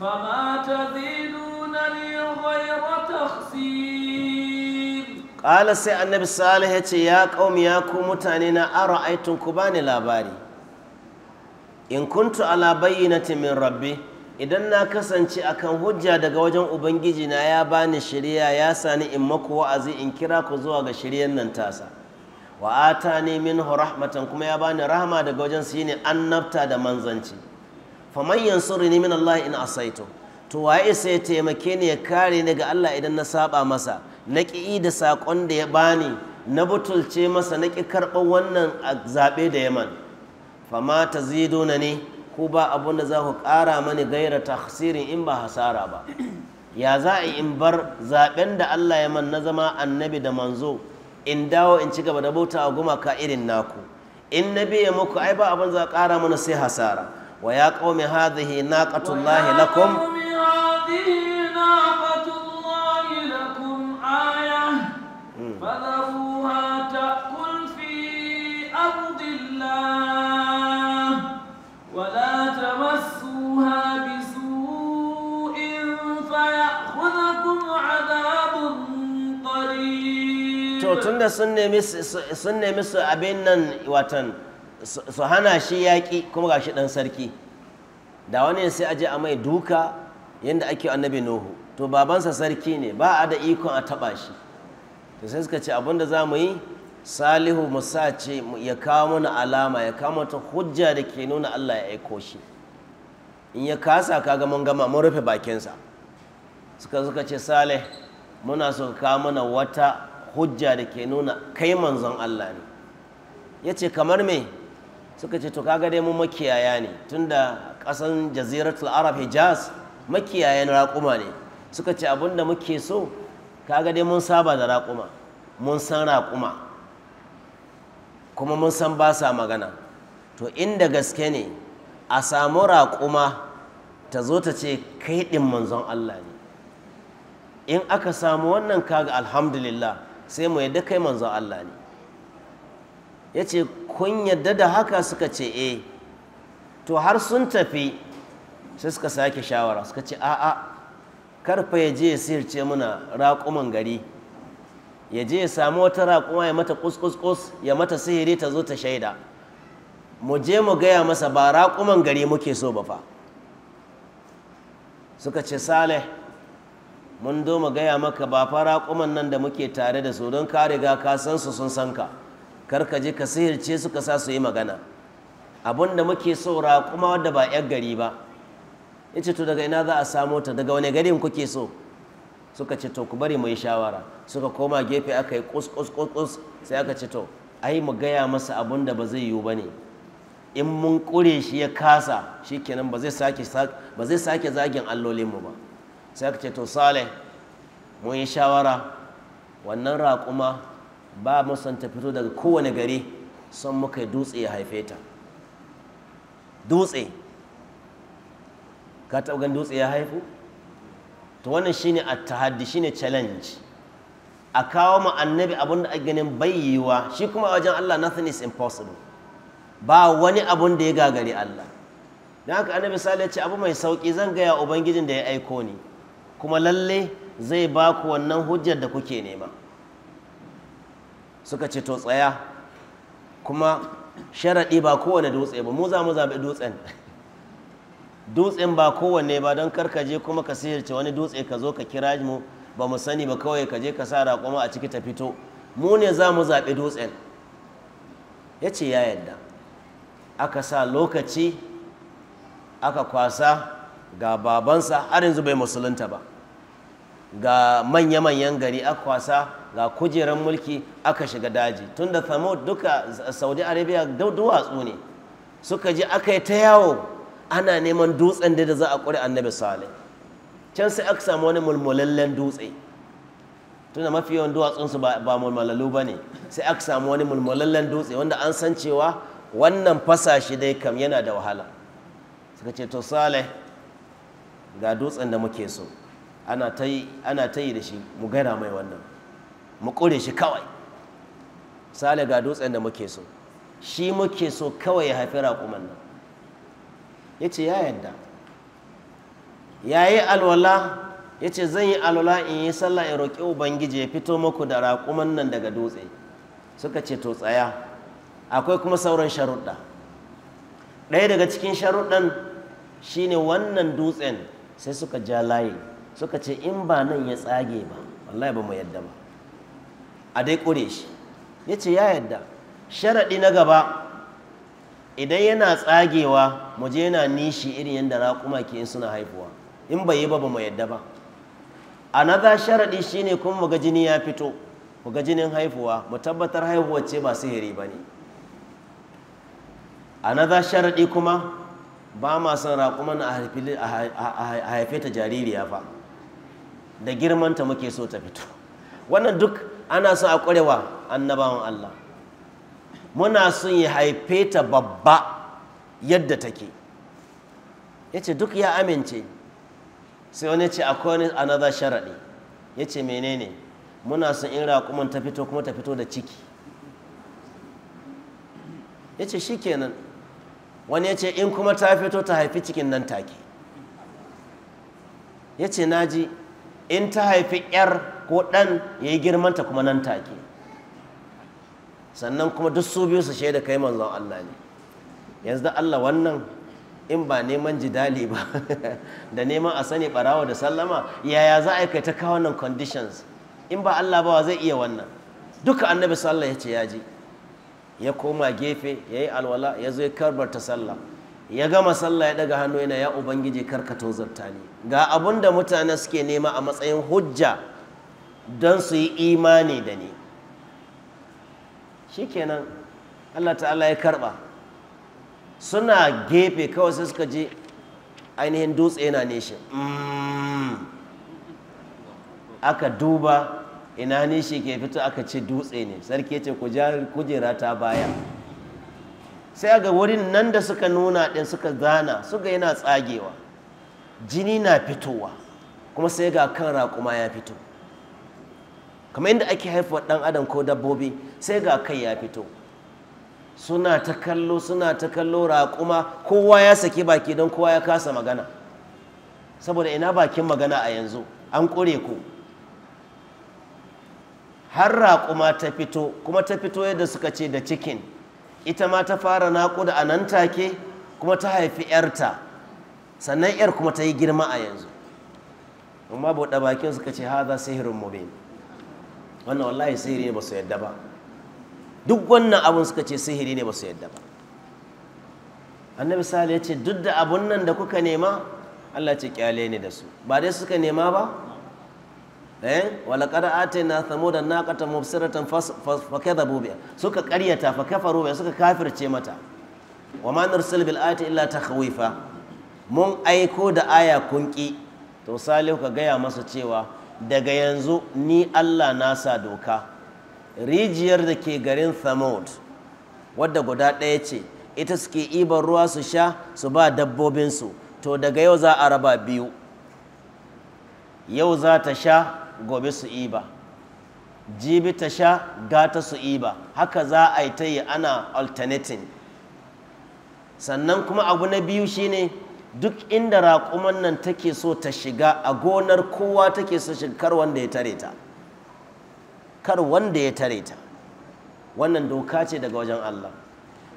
فما تزيدونني غير تخسير قال سي النبي صالح يا قوم يا قوم متانينا أرأيتم كباني لاباري إن كنت على بينة من ربي idan na kasance akan hujja daga wajen ubangiji na ya bani shirya ya sani in maku wa'azi in kira ku zuwa ga shiryan nan tasa wa ne min rahmatan kuma ya bani rahama daga wajen su ne annabta da manzanci faman yansurini min Allah in asaito to waye sai ya taimake ni ya kare ni ga Allah idan na saba masa na ƙi da saƙon da ya bani na butulce masa na ki karɓar wannan zaɓe da yaman fama ta na ne ko ba abun da za ku ƙara mani gaira tafsirin in ba hasara ba ya za a in bar zaben da Allah ya man na zama annabi da manzo in dawo in ci gaba da bauta a gumaka irin naku in nabi ya muku ai ba abun za kara mana sai hasara wa ya qaumi hadhihi naqatullahi lakum wanda sun nemi su abin nan watan su hana shi yaƙi kuma ga shi ɗan sarki da wani sai aje a mai duka yadda ake annabi nuhu to babansa sarki ne ba a da ikon a taɓa shi to sai suka ce abinda za mu yi salihu musa ce ya kawo mana alama ya kawo mata hujja da ke nuna allah ya aiko shi in ya kasa kaga mun gama mun rufe bakinsa suka suka ce salih muna so ka kawo mana wata hujja da ke nuna kai manzon Allah ne ya ce kamar me suka ce to kaga dai mu makiyaya ne tunda ƙasan jaziratul arab hijaz makiyayan raƙuma ne suka ce abinda muke so kaga dai mun saba da raƙuma mun san raƙuma kuma mun san ba sa magana to inda gaske ne a samu raƙuma ta zo ta ce kai ɗin manzon Allah ne in aka samu wannan kaga alhamdulillah sai mu yadda kai manzon Allah ne ya ce kun yadda da haka suka ce eh to har sun tafi sai suka sake shawara suka ce a'a karfa ya je ya sirce muna raƙuman gari ya je ya samu wata raƙuma ya mata kuskuskus ya mata sihiri ta zo ta shaida mu je mu gaya masa ba raƙuman gari muke so ba fa suka ce saleh mun zo mu gaya maka ba fara kuman nan da muke tare da su don ka riga ka su sun san ka kar ka je ka sihirce su ka sa su yi magana abun da muke so kuma wadda ba 'yar gari ba yace to daga ina za a samo ta daga wani garin kuke so suka ce to ku bari mu yi shawara suka koma gefe aka yi kus kus kus kus sai aka ce to ai mu gaya masa abun da ba zai yiwu ba ne in mun kure shi ya kasa shikenan ba zai sake zagin allolinmu ba sai ka ce to Sale mun yi shawara wannan raƙuma ba mu fito daga kowane gari son muka yi dutse ya haife ta dutse ka taɓa gan dutse ya haifu to wannan shine shi shine challenge a kawo ma annabi abin da a ganin bayyiwa shi kuma wajen Allah nothing is impossible ba wani abun da ya gagari Allah don haka annabi sale ya ce abu mai sauki zan gaya ubangijin da ya aiko ni kuma lalle zai ba ku wannan hujjar da kuke nema suka ce to tsaya kuma sharaɗi ba kowane dutse ba mu za mu zaɓi dutsen dutsen ba kowanne ba don karkaje kuma ka sihirce wani dutse ka zo ka kira mu ba mu sani ba kawai ka je ka sa raƙoma a ciki ta fito mu ne za mu zaɓi dutsen ya ce ya yadda aka sa lokaci aka kwasa ga babansa har yanzu bai musulunta ba ga manya-manyan gari akwasa, ga kujerar mulki aka shiga daji tun da duka saudi arabia duwatsu ne suka ji aka yi ta yawo ana neman dutsen da za a kuri annabi salih can sai aka samu wani mulmulallen dutse tunda mafi yawan duwatsunsu ba mulmulalu ba ne sai aka samu wani mulmulallen dutse wanda an san cewa wannan fasashi dai kam yana da wahala suka ce to salih ga dutsen da muke so ana ta yi da shi mu gana mai wannan mu ƙure shi kawai sale ga dutsen da muke so shi muke so kawai ya haifi raƙuman nan ya ce ya yadda ya yi alwala ya ce zan yi alwala in yi sallah in roƙi ubangiji ya fito muku da raƙuman nan daga dutse suka ce to tsaya akwai kuma sauran sharuɗa ɗaya daga cikin sharuɗan shine wannan dutsen sai suka ja layi suka ce in ba nan ya tsage ba wallahi ba mu yadda ba a dai ƙure shi ya ce ya yadda sharaɗi na gaba idan yana tsagewa mu je yana nishi irin yadda raƙuma ke yin suna haifuwa in bai yi ba ba mu yadda ba A za sharaɗi shine kuma mu ga jini ya fito mu ga jinin haifuwa mu tabbatar haihuwar ce ba sihiri ba ne A za sharaɗi kuma ba ma son raƙuman a haife ta jaririya fa da girmanta muke so ta fito wannan duk ana son a ƙwarewa annabawan Allah muna son ya haife ta babba yadda take ya ce duk ya amince sai wani ce akwai wani another sharaɗi ya ce menene muna son in raƙuman ta fito kuma ta fito da ciki ya ce shi kenan wani ya ce in kuma ta fito ta haifi cikin nan take ya ce naji in ta haifi 'yar ko ɗan ya yi girmanta kuma nan take sannan kuma duk su biyu su shaida kai manzon Allah ne yanzu da Allah wannan in ba neman jidali ba (laughs) da neman a sani barawa da sallama yaya za a yi kai ta kawo nan conditions in ba Allah ba zai iya wannan duka annabi sallallahu ya ce ya ji ya koma gefe ya yi alwala ya zo ya ta sallah ya gama sallah ya daga hannu yana ya ubangiji karkato zarta ne ga abin da mutane suke nema a matsayin hujja don su yi imani da ni kenan Allah ta'ala ya karba suna gefe kawai sai suka je ainihin dutse yana neshin mm. aka duba ina ne shi ke fito aka ce dutse ne sarki ya ce kujera ta baya sai ga wurin nan da suka nuna ɗin suka zana suka yana tsagewa jini na fitowa kuma sai ga kan raƙuma ya fito kamar inda ake haifuwa ɗan adam ko dabbobi sai ga kai ya fito suna ta kallo suna ta kallo raƙuma kowa ya saki baki don kowa ya kasa magana saboda ina bakin magana a yanzu an ƙure ku har raƙuma ta fito kuma ta fito yadda suka ce da cikin ita ma ta fara naƙuda a nan take kuma ta haifi 'yarta sannan 'yar kuma ta yi girma a yanzu amma buɗe bakin suka ce haza sihirin mubin wannan wallahi sihiri ne ba su yadda ba duk wannan abin suka ce sihiri ne ba su yadda ba annabi sale ya ce duk da abun nan da kuka nema allah ce kyale ne da su ba dai suka nema ba na eh? walaqad atayna thamuda naqata mubsiratan da biha suka qaryata fa kafaru suka kafirce mata wa ma nursil bil ayati illa mun aiko da aya kunki to salihu ka gaya masa cewa daga yanzu ni Allah na sa doka rijiyar da ke garin thamud wadda guda ɗaya ce ita suke ibar ruwa su sha su ba dabbobinsu to daga yau za a raba biyu yau za ta sha gobe su iba jibi ta sha gata su iba haka za a yi ta yi ana alternating sannan kuma abu na biyu shine duk inda raƙuman nan take so ta shiga a gonar kowa take so shiga kar wanda ya tare ta kar wanda ya tare ta wannan doka ce daga wajen Allah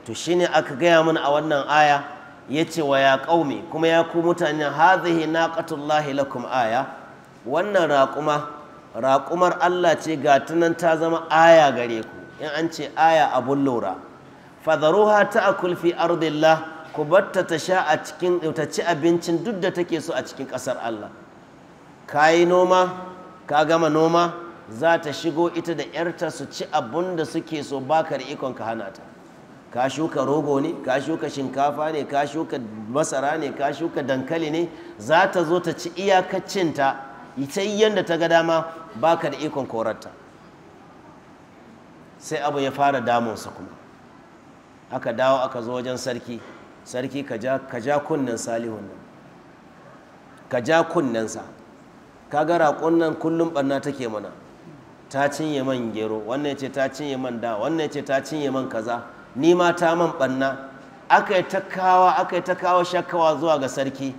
to shine aka gaya mana a wannan aya yace wa ya ƙaume kuma ya ku mutane hadhihi naqatullahi lakum aya wannan raƙuma raƙumar Allah ce ga tunan ta zama aya gare ku in an ce aya abun lura fadaruha ta a kulfi ardillah ku batta ta sha a cikin ta abincin duk da take so a cikin ƙasar Allah ka yi noma ka gama noma za ta shigo ita da ‘yarta su ci abun da suke so baka da ikon ka hana ta ka shuka rogo ne ka shuka shinkafa ne ka shuka masara ne ka shuka dankali ne za ta zo ta ci iyakacinta ita yadda ta ga dama ba ka da ikon korata sai abu ya fara damunsa kuma aka dawo aka zo wajen sarki sarki ka ja kunnen salihun nan ka ja kunnensa ka ga kunnen kullum barna take mana ta cinye man gero wannan ce ta cinye man da wannan ce ta cinye man kaza ni ma ta man barna aka yi ta kawa aka kawo shakawa zuwa ga sarki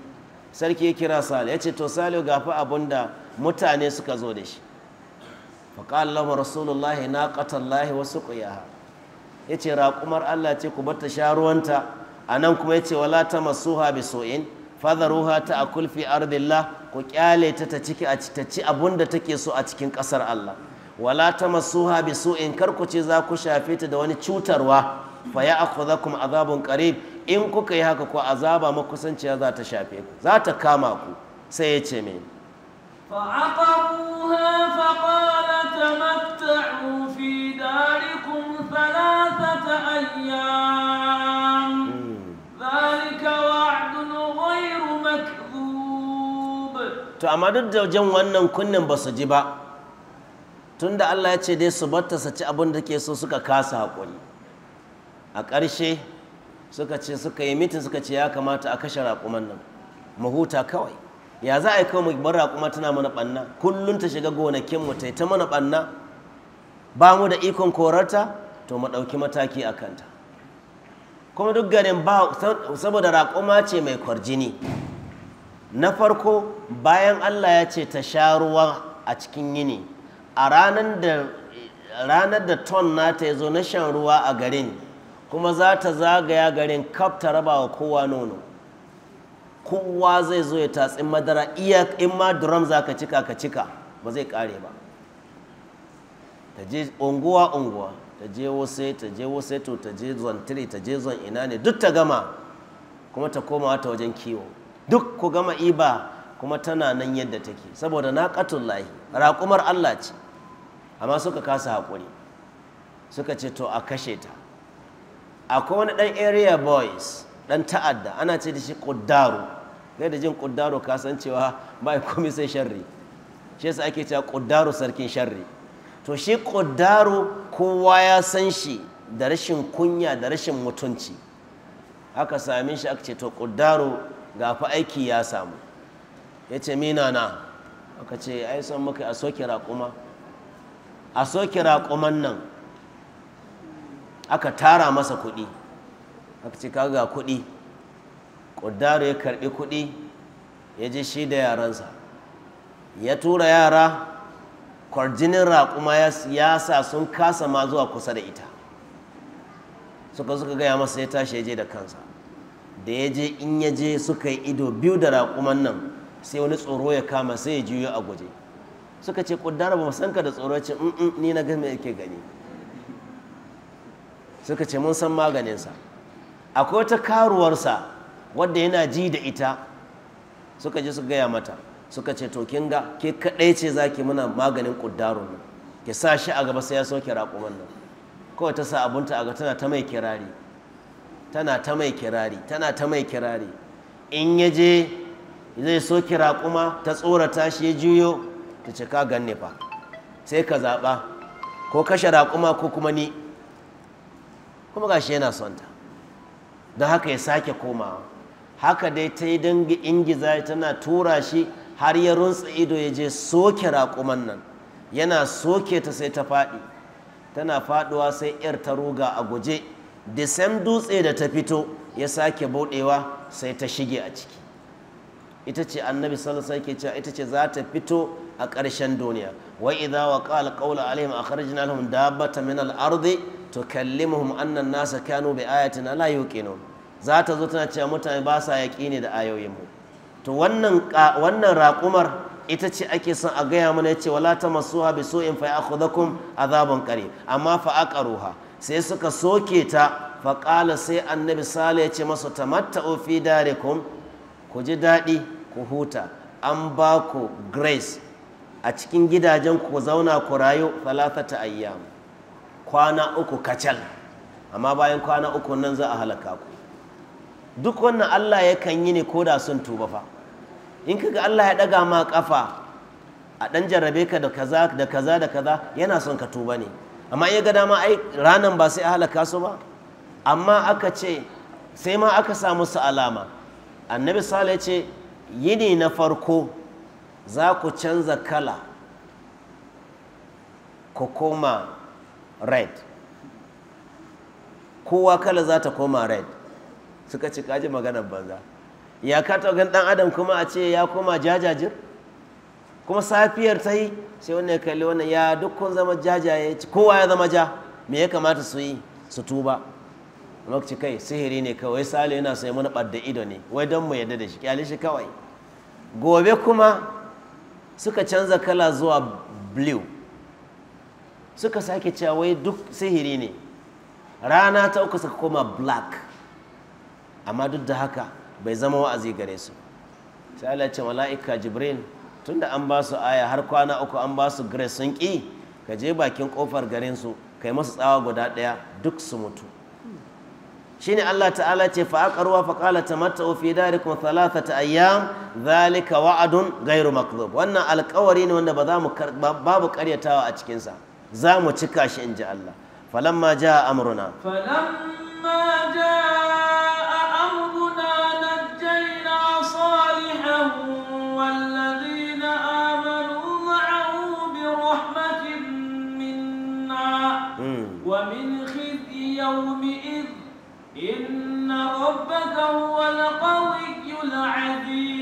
sarki ya kira sale ya ce to sale ga abunda mutane suka zo da shi faƙalar lamar rasulullahi na ƙatallahi wasu ƙuyaha ya ce raƙumar allah ce ku bata sha ruwanta a nan kuma ya ce wala ta masuha bi so'in fadaruha ta a kulfi ardillah ku ƙyale ta ta ciki a ta ci abun da take so a cikin ƙasar allah wala ta masuha bi so'in kar ku ce za ku shafe ta da wani cutarwa fa ya akhudhakum azabun qarib in kuka yi haka ko azaba makusanciya za ta shafe ku za ta kama ku sai ya ce me فعقروها فقال تمتعوا في داركم ذلك وعد غير مكذوب to amma duk da jan wannan kunnen ba su ji ba tunda Allah ya ce dai su batta su ci abin da ke so suka kasa haƙuri a ƙarshe suka ce suka yi mitin suka ce ya kamata a kashe raƙuman nan mu huta kawai ya za a yi kawai mu bar raƙuma tana mana ɓanna kullum ta shiga gonakin mu ta mana ɓanna ba mu da ikon korarta to mu ɗauki mataki a kanta kuma duk garin ba saboda raƙuma ce mai kwarjini na farko bayan Allah ya ce ta sha ruwa a cikin yini a ranar da ranar da ton nata ya zo na shan ruwa a garin kuma za ta zagaya garin kaf ta raba wa kowa nono kowa zai zo ya tatsin madara iya in ma drum za ka cika ka cika ba zai kare ba ta je unguwa unguwa ta je wasu ta je wasu to ta je zon tiri ta je zon ina ne duk ta gama kuma ta koma ta wajen kiwo duk ku gama iba kuma tana nan yadda take saboda na katun lahi raƙumar Allah ce amma suka kasa haƙuri suka ce to a kashe ta akwai wani ɗan area boys ɗan ta'adda ana ce da shi ƙuddaro ɗai da jin ƙuddaro kasancewa ba cewa ba sai sharri shi yasa ake cewa ƙuddaro sarkin sharri to shi ƙuddaro kowa ya san shi da rashin kunya da rashin mutunci aka same shi aka ce to ƙuddaro ga fa aiki ya samu ya ce mina na aka ce ai san muka a soke raƙuma a soke raƙuman nan aka tara masa kuɗi aka ce kaga ga kuɗi ƙuddaro ya karɓi kuɗi ya je shi da yaransa ya tura yara kwarjinin raƙuma ya sa sun kasa ma zuwa kusa da ita suka suka gaya masa ya tashi ya je da kansa da ya je in ya je suka yi ido biyu da raƙuman nan sai wani tsoro ya kama sai ya juyo a guje suka ce ƙuddaro ba mu da tsoro ce ni na ga yake gani suka ce mun san maganinsa akwai wata karuwarsa wadda yana ji da ita suka ji su gaya mata suka ce to kinga, ga ke kaɗai ce za ki muna maganin kuddaro nan ki sa shi a gaba sai ya soke raƙuman nan kawai ta sa abunta a ga tana ta mai kirari tana ta mai kirari tana ta mai kirari in ya je zai soke raƙuma ta tsorata shi ya juyo ta ce ka ganne fa sai ka zaɓa ko kashe raƙuma ko kuma ni kuma shi yana son ta don haka ya sake komawa haka dai ta yi dangi ingiza tana tura shi har ya runtsa ido ya je soke raƙuman nan yana soke ta sai ta faɗi tana faɗuwa sai 'yar ta ruga a guje da sam dutse da ta fito ya sake buɗewa sai ta shige a ciki ita ce annabi sallallahu alaihi cewa ita ce za ta fito a ƙarshen duniya wa idza waqa alqawlu alaihim a lahum dabbatan min al-ardi tukallimuhum annan nasa kanu bi ayatina la yuqinun za ta zo tana cewa mutane ba sa yaƙini da ayoyin mu to wannan raƙumar ita ce ake son a gaya mana yace wala tamassuha bi su'in fa ya'khudhukum azabun qarib amma fa aqaruha sai suka soke ta fa qala sai annabi sale yace masa tamatta'u fi darikum ku ji daɗi ku huta an ba ku grace a cikin gidajen ku zauna ku rayu thalathata ayyam kwana uku kacal amma bayan kwana uku nan za a halaka ku duk wannan Allah yakan yi ne da sun tuba fa in kaga Allah ya daga ma kafa a dan jarrabe ka da kaza da kaza da kaza yana son ka tuba ne amma ya ga dama ai ranan ba sai a halaka su ba amma aka ce sai ma aka samu su alama annabi sale ce yini na farko za ku canza kala ku koma red kowa kala za ta koma red suka ci kaji maganar banza ya kato gan dan adam kuma a ce ya koma jajajir kuma safiyar ta yi sai wannan ya kalli wannan ya dukkan zama jajaye kowa ya zama ja me ya kamata su yi su tuba lokaci kai sihiri ne kawai sale yana sai mana ɓadda ido ne wai don mu yadda da shi kyale shi kawai gobe kuma suka canza kala zuwa blue suka sake cewa wai duk sihiri ne rana ta uku suka koma black amma duk da haka bai zama wa'azi gare su sai Allah ce mala'ika jibril tunda an ba su aya har kwana uku an ba su grace sun ki ka je bakin kofar garin su kai masu tsawa guda daya duk su mutu shine Allah ta'ala ce fa aqarwa fa qala tamatta'u fi darikum thalathata ayyam zalika wa'adun gairu makdhub wannan alƙawari ne wanda ba za mu babu karyatawa a cikinsa. zamu cika shi inji Allah falamma jaa amruna falamma jaa amruna najjayna salihan walladheena amanu ma'ahu bi rahmatin minna wa min khizyi yawmi idh inna rabbaka huwa al-qawiyyu al-'adhim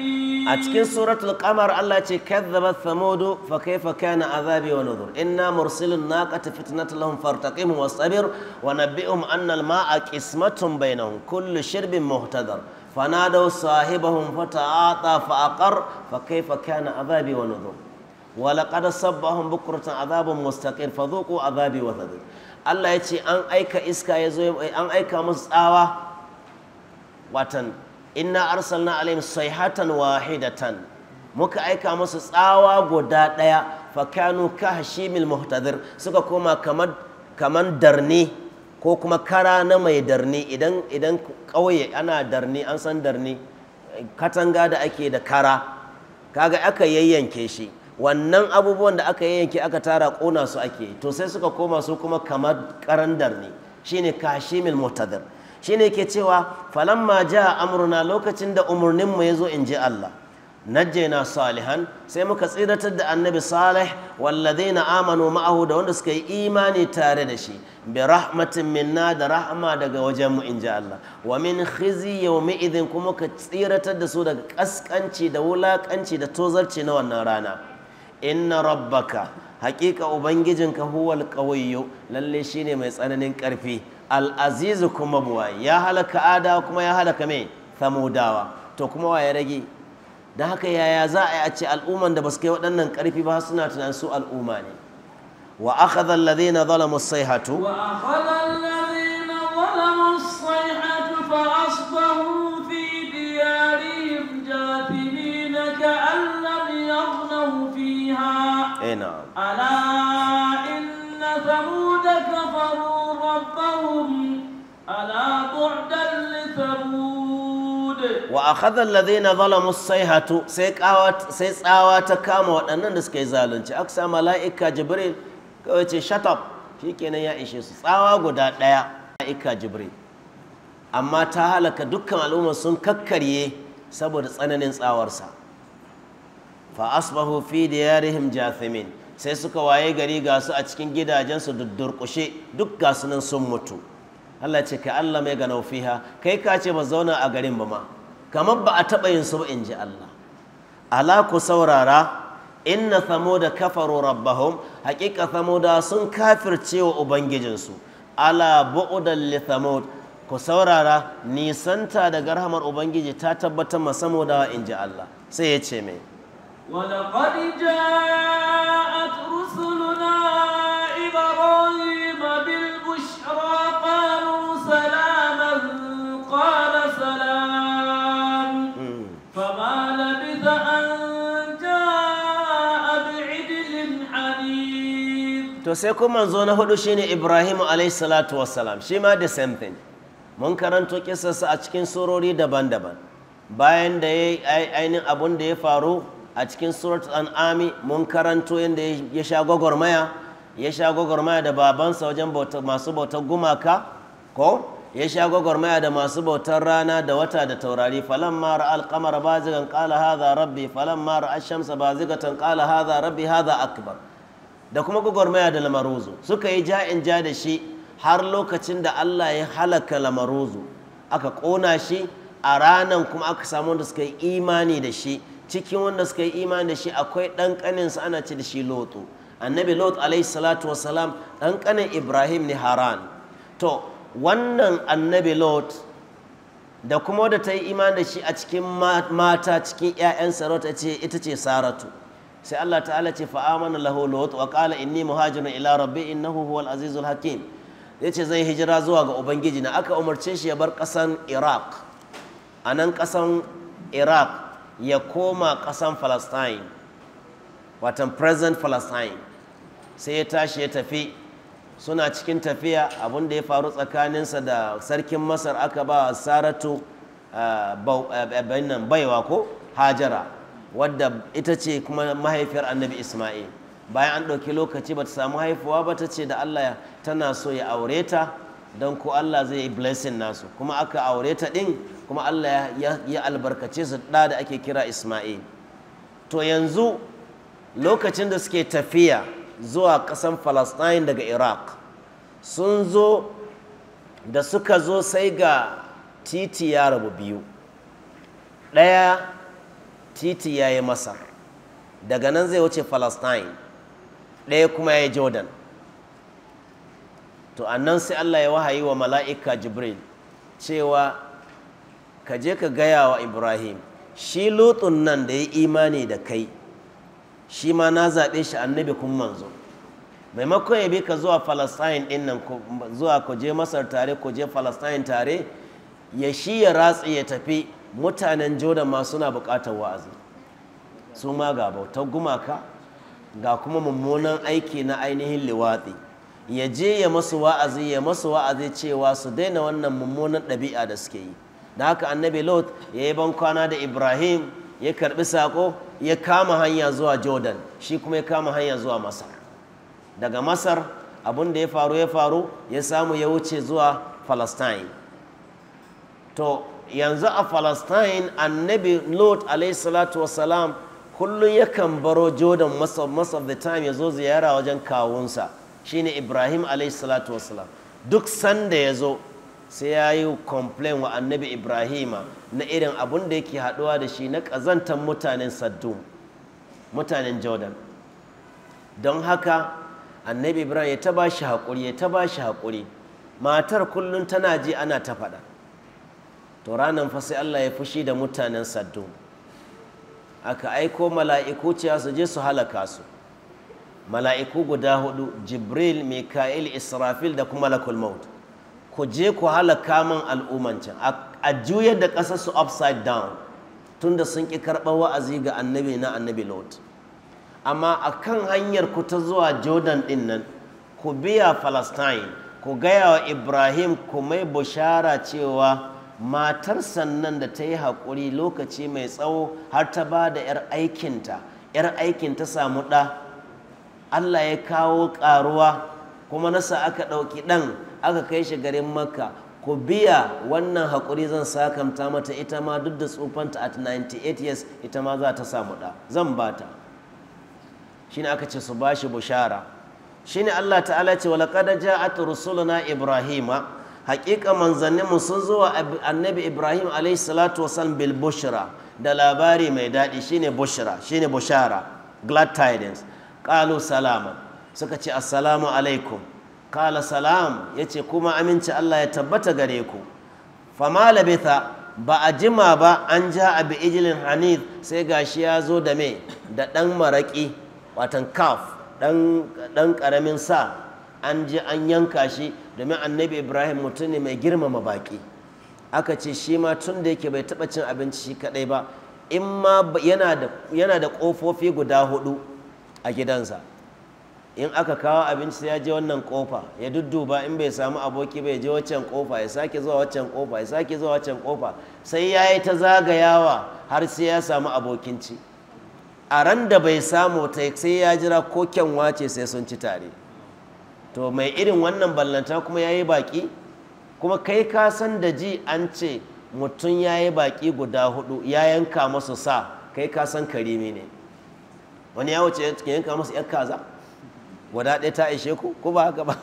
a cikin suratul kamar Allah ce kadzabat thamud fa kayfa kana azabi wa nuzur inna mursilun naqati fitnatan lahum fartaqim wasbir wa nabbi'um anna al-ma'a qismatun bainahum kullu shirbin muhtadar fanadaw sahibahum fata'ata fa aqar fa kayfa kana azabi wa nuzur ولقد صبهم بكرة عذاب مستقر فذوقوا عذابي وثدر Allah ce an aika iska ya zo an aika musu tsawa watan inna arsalna alaihim sayhatan wahidatan muka aika musu tsawa guda ɗaya ka kahshimil muhtadir suka koma kamar kamar darni ko kuma kara na mai darni idan idan ƙauye ana darni an san darni katanga da ake da kara kaga aka yayyanke shi wannan abubuwan da aka yayyanke aka tara kona su ake to sai suka koma su kuma kamar karan darni shine kashimil muhtadir ne ke cewa ma a amurna lokacin da umurninmu ya zo in ji Allah na salihan sai muka tsiratar da annabi salih walladaina amanu ma'ahu da wanda suka yi imani tare da shi bi rahmatin minna da rahama daga wajenmu mu inji Allah wa min khizi yawmi kuma ka tsiratar da su daga kaskanci da wulakanci da tozarci na wannan rana inna rabbaka haƙiƙa ubangijinka huwal qawiyyu lalle shine mai tsananin ƙarfi al'azizu kuma buwaye ya halaka adawa kuma ya halaka mai samudawa to kuma wa ya rage da haka yaya za a yi a ce al'umman da ba su kai waɗannan ƙarfi ba suna tunan su al'umma ne wa aka alladhina zalamu as-sayhatu wa akhadha alladhina eh, ala inna كفروا ربهم ألا بعدا لثمود وأخذ الذين ظلموا الصيحة سيقاوات سيقاوات كاموا أنن دسكي زالنش أكسى ملائكة جبريل كويتي شطب shikenan ya ishe su tsawa guda ɗaya ma'aika jibril amma ta halaka dukkan al'umma sun kakkarye saboda tsananin tsawarsa fa asbahu fi diyarihim jathimin sai suka waye gari ga su a cikin gidajensu durkushe duk ga su nan sun mutu Allah ce ka Allah mai gano fiha kai ka ce ba zauna a garin ba ma kamar ba a taɓa yin su ba in ji Allah ala ku saurara inna thamuda kafaru rabbahum haƙiƙa thamuda sun kafirce wa ubangijinsu ala bu'udan li thamud ku saurara nisanta da garhamar ubangiji ta tabbatar ma samudawa in ji Allah sai ya ce mai ولقد جاءت رسلنا إبراهيم بالبشرى قالوا سلاما قال سلام فما لبث أن جاء بعجل حنيف to sai kuma manzo na hudu shine Ibrahim alayhi salatu wassalam shi ma mun karanto kissarsa a cikin surori daban-daban bayan da ya ainihin abun da ya faru a cikin surat al’ami mun karanto yadda ya sha gwagwarmaya ya sha gwagwarmaya da babansa wajen masu bautar gumaka ko ya sha gwagwarmaya da masu bautar rana da wata da taurari falon mara alkamar zigan kala haza rabbi falon mara ashamsa ba zigatan kala haza rabbi haza akbar da kuma gwagwarmaya da lamaruzu suka yi ja'in ja da shi har lokacin da Allah ya halaka lamaruzu aka kona shi a ranan kuma aka samu da suka yi imani da shi cikin wanda suka yi imani da shi akwai ɗan ƙaninsa ana ce da shi lotu annabi lot alaihi salatu wasalam ɗan ƙanin ibrahim ne haran to wannan annabi lot da kuma wadda ta yi imani da shi a cikin mata cikin 'ya'yan sarauta ce ita ce saratu sai allah ta'ala ce fa'amana lahu lot wa qala inni muhajirun ila rabbi innahu huwal azizul hakim ya ce zai hijira zuwa ga ubangiji na aka umarce shi ya bar ƙasan iraq a nan ƙasan iraq ya koma ƙasan Palestine watan present Palestine sai ya tashi ya tafi suna cikin tafiya abinda ya faru tsakaninsa da sarkin Masar aka ba Saratu ah, eh, eh, baiwa ko Hajara wadda ita ce kuma mahaifiyar Annabi Ismail bayan an ɗauki lokaci ba ta samu haifuwa ba ta ce da Allah tana so ya aure ta don ko Allah zai yi blessing nasu kuma aka aure ta din. kuma Allah ya albarkace su ɗa da ake kira Ismail to yanzu lokacin da suke tafiya zuwa ƙasan Palestine daga Iraq sun zo da suka zo sai ga titi ya rabu biyu ɗaya titi ya yi masar daga nan zai wuce Palestine ɗaya kuma ya yi Jordan to annan sai Allah ya wahayi wa mala'ika Jibril cewa ka je ka gaya wa Ibrahim shi lutun nan da ya imani da kai shi ma na zaɓe shi annabi kun manzo maimakon ya bi ka zuwa Palestine ɗin nan zuwa ku je Masar tare ku je tare ya shi ya ratsi ya tafi mutanen Jordan ma suna buƙatar wa'azi su ma ga bautar gumaka ga kuma mummunan aiki na ainihin liwatsi ya je ya masu wa'azi ya masu wa'azi cewa su daina wannan mummunan ɗabi'a da suke yi da haka annabi lot ya yi bankwana da ibrahim ya karbi sako ya kama hanya zuwa jordan shi kuma ya kama hanya zuwa masar daga masar abin da ya faru ya faru ya samu ya wuce zuwa palestine to yanzu a palestine annabi lot alaihissalatu wasalam kullum yakan baro jordan most of the time ya zo ziyara wajen kawunsa shine ibrahim alaihissalatu duk sanda ya zo sai ya yi complain wa annabi ibrahima na irin abun da yake haɗuwa da shi na ƙazantar mutanen saddum mutanen jordan don haka annabi ibrahim ya ta ba shi haƙuri ya ta ba shi haƙuri matar kullum tana ji ana ta faɗa to ranar fa sai allah ya fushi da mutanen saddum aka aiko mala'iku cewa su je su halaka su mala'iku guda hudu jibril mika'il israfil da kuma malakul maut ku je ku halaka min al'ummancin a juyar da ƙasar su upside down tunda sun ƙi karɓar wa'azi ga annabi na annabi lot amma a kan hanyar ku ta zuwa jordan ɗin nan ku biya palestine ku gaya wa ibrahim ku mai bushara cewa matar sannan da ta yi haƙuri lokaci mai tsawo har ta ba da 'yar aikinta 'yar aikin ta samu ɗa Allah ya kawo ƙaruwa kuma nasa aka ɗauki ɗan aka kai shi garin makka ku biya wannan haƙuri zan sakamta mata ita ma duk da tsufanta at 98 years ita ma za ta samu ɗa zan ba bata shine aka ce su bashi bushara shine Allah ta'ala ce walaqad ja'at rusuluna ibrahima Haƙiƙa manzanninmu sun zo annabi ibrahim alaihi salatu wasan bil bushra da labari mai daɗi shine bushra shine bushara glad tidings Kalu salama suka ce assalamu alaikum Kalasalam salam yace kuma aminci Allah ya tabbata gare ku famala labitha ba a jima ba an ja a bi ijilin hanif sai gashi ya zo da me da ɗan maraƙi watan kaf ɗan ƙaramin sa an ji an yanka shi domin annabi ibrahim mutum ne mai girmama baƙi aka ce shi ma tun da yake bai taɓa cin abinci shi kaɗai ba in ma yana da ƙofofi guda hudu a gidansa in aka kawo abinci ya je wannan kofa ya dudduba in bai samu aboki bai je waccan kofa ya sake zuwa waccan kofa ya sake zuwa waccan kofa sai ya yi ta zagayawa har sai ya samu abokinci ci a ran da bai samu ta sai ya jira ko kyanwa ce sai sun ci tare to mai irin wannan ballanta kuma ya yi baki kuma kai ka san da ji an ce mutum ya yi baki guda hudu ya yanka masu sa kai ka san karimi ne wani ya wuce yanka masa yar kaza guda ɗaya ta ishe ku ko ba haka ba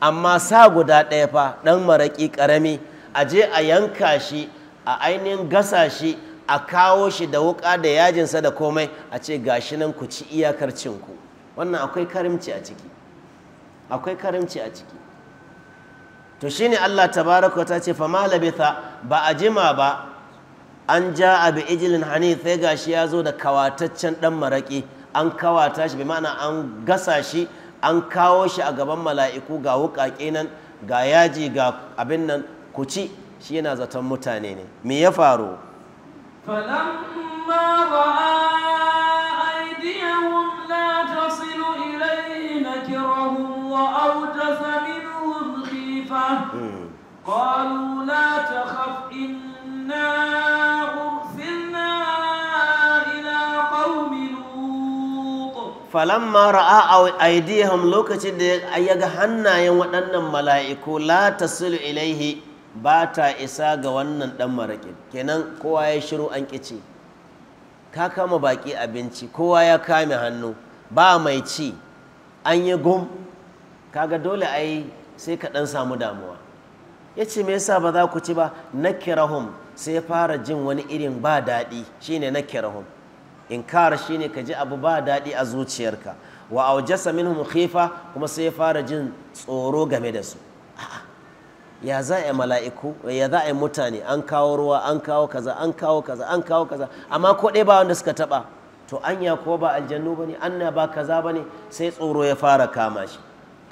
amma sa guda ɗaya fa ɗan maraƙi ƙarami a je a yanka shi a ainihin gasa shi a kawo shi da wuƙa da yajinsa da komai a ce gashi nan ku ci iyakar cinku wannan akwai karimci a ciki akwai karimci a ciki to shine Allah tabaraka ta ce fa malabitha ba a jima ba an ja abi ijilin hani sai gashi ya zo da kawataccen ɗan maraki an kawata shi bi ma'ana an gasa shi an kawo shi a gaban mala'iku ga wuƙaƙe nan ga yaji ga abin nan ku ci shi yana zaton mutane ne me ya faru قالوا لا تخف إنا falamma ra'a aydihim lokacin da ya ga hannayen waɗannan mala'iku la tasilu ilaihi ba ta isa ga wannan dan maraƙin kenan kowa ya shiru an kici ka kama baki abinci kowa ya kame hannu ba mai ci an yi gum kaga dole ai sai ka dan samu damuwa ya ce me yasa ba za ku ci ba nakirahum sai fara jin wani irin ba daɗi shine nakirahum shi shine ka ji abu ba daɗi a zuciyarka wa aujasa minhum khifa kuma sai ya fara jin tsoro game da su ya za a mala'iku ya za a mutane an kawo ruwa an kawo kaza an kawo kaza an kawo kaza amma ko ɗaya ba wanda suka taɓa to anya ko ba aljannu ba ne anna ba kaza ba ne sai tsoro ya fara kama shi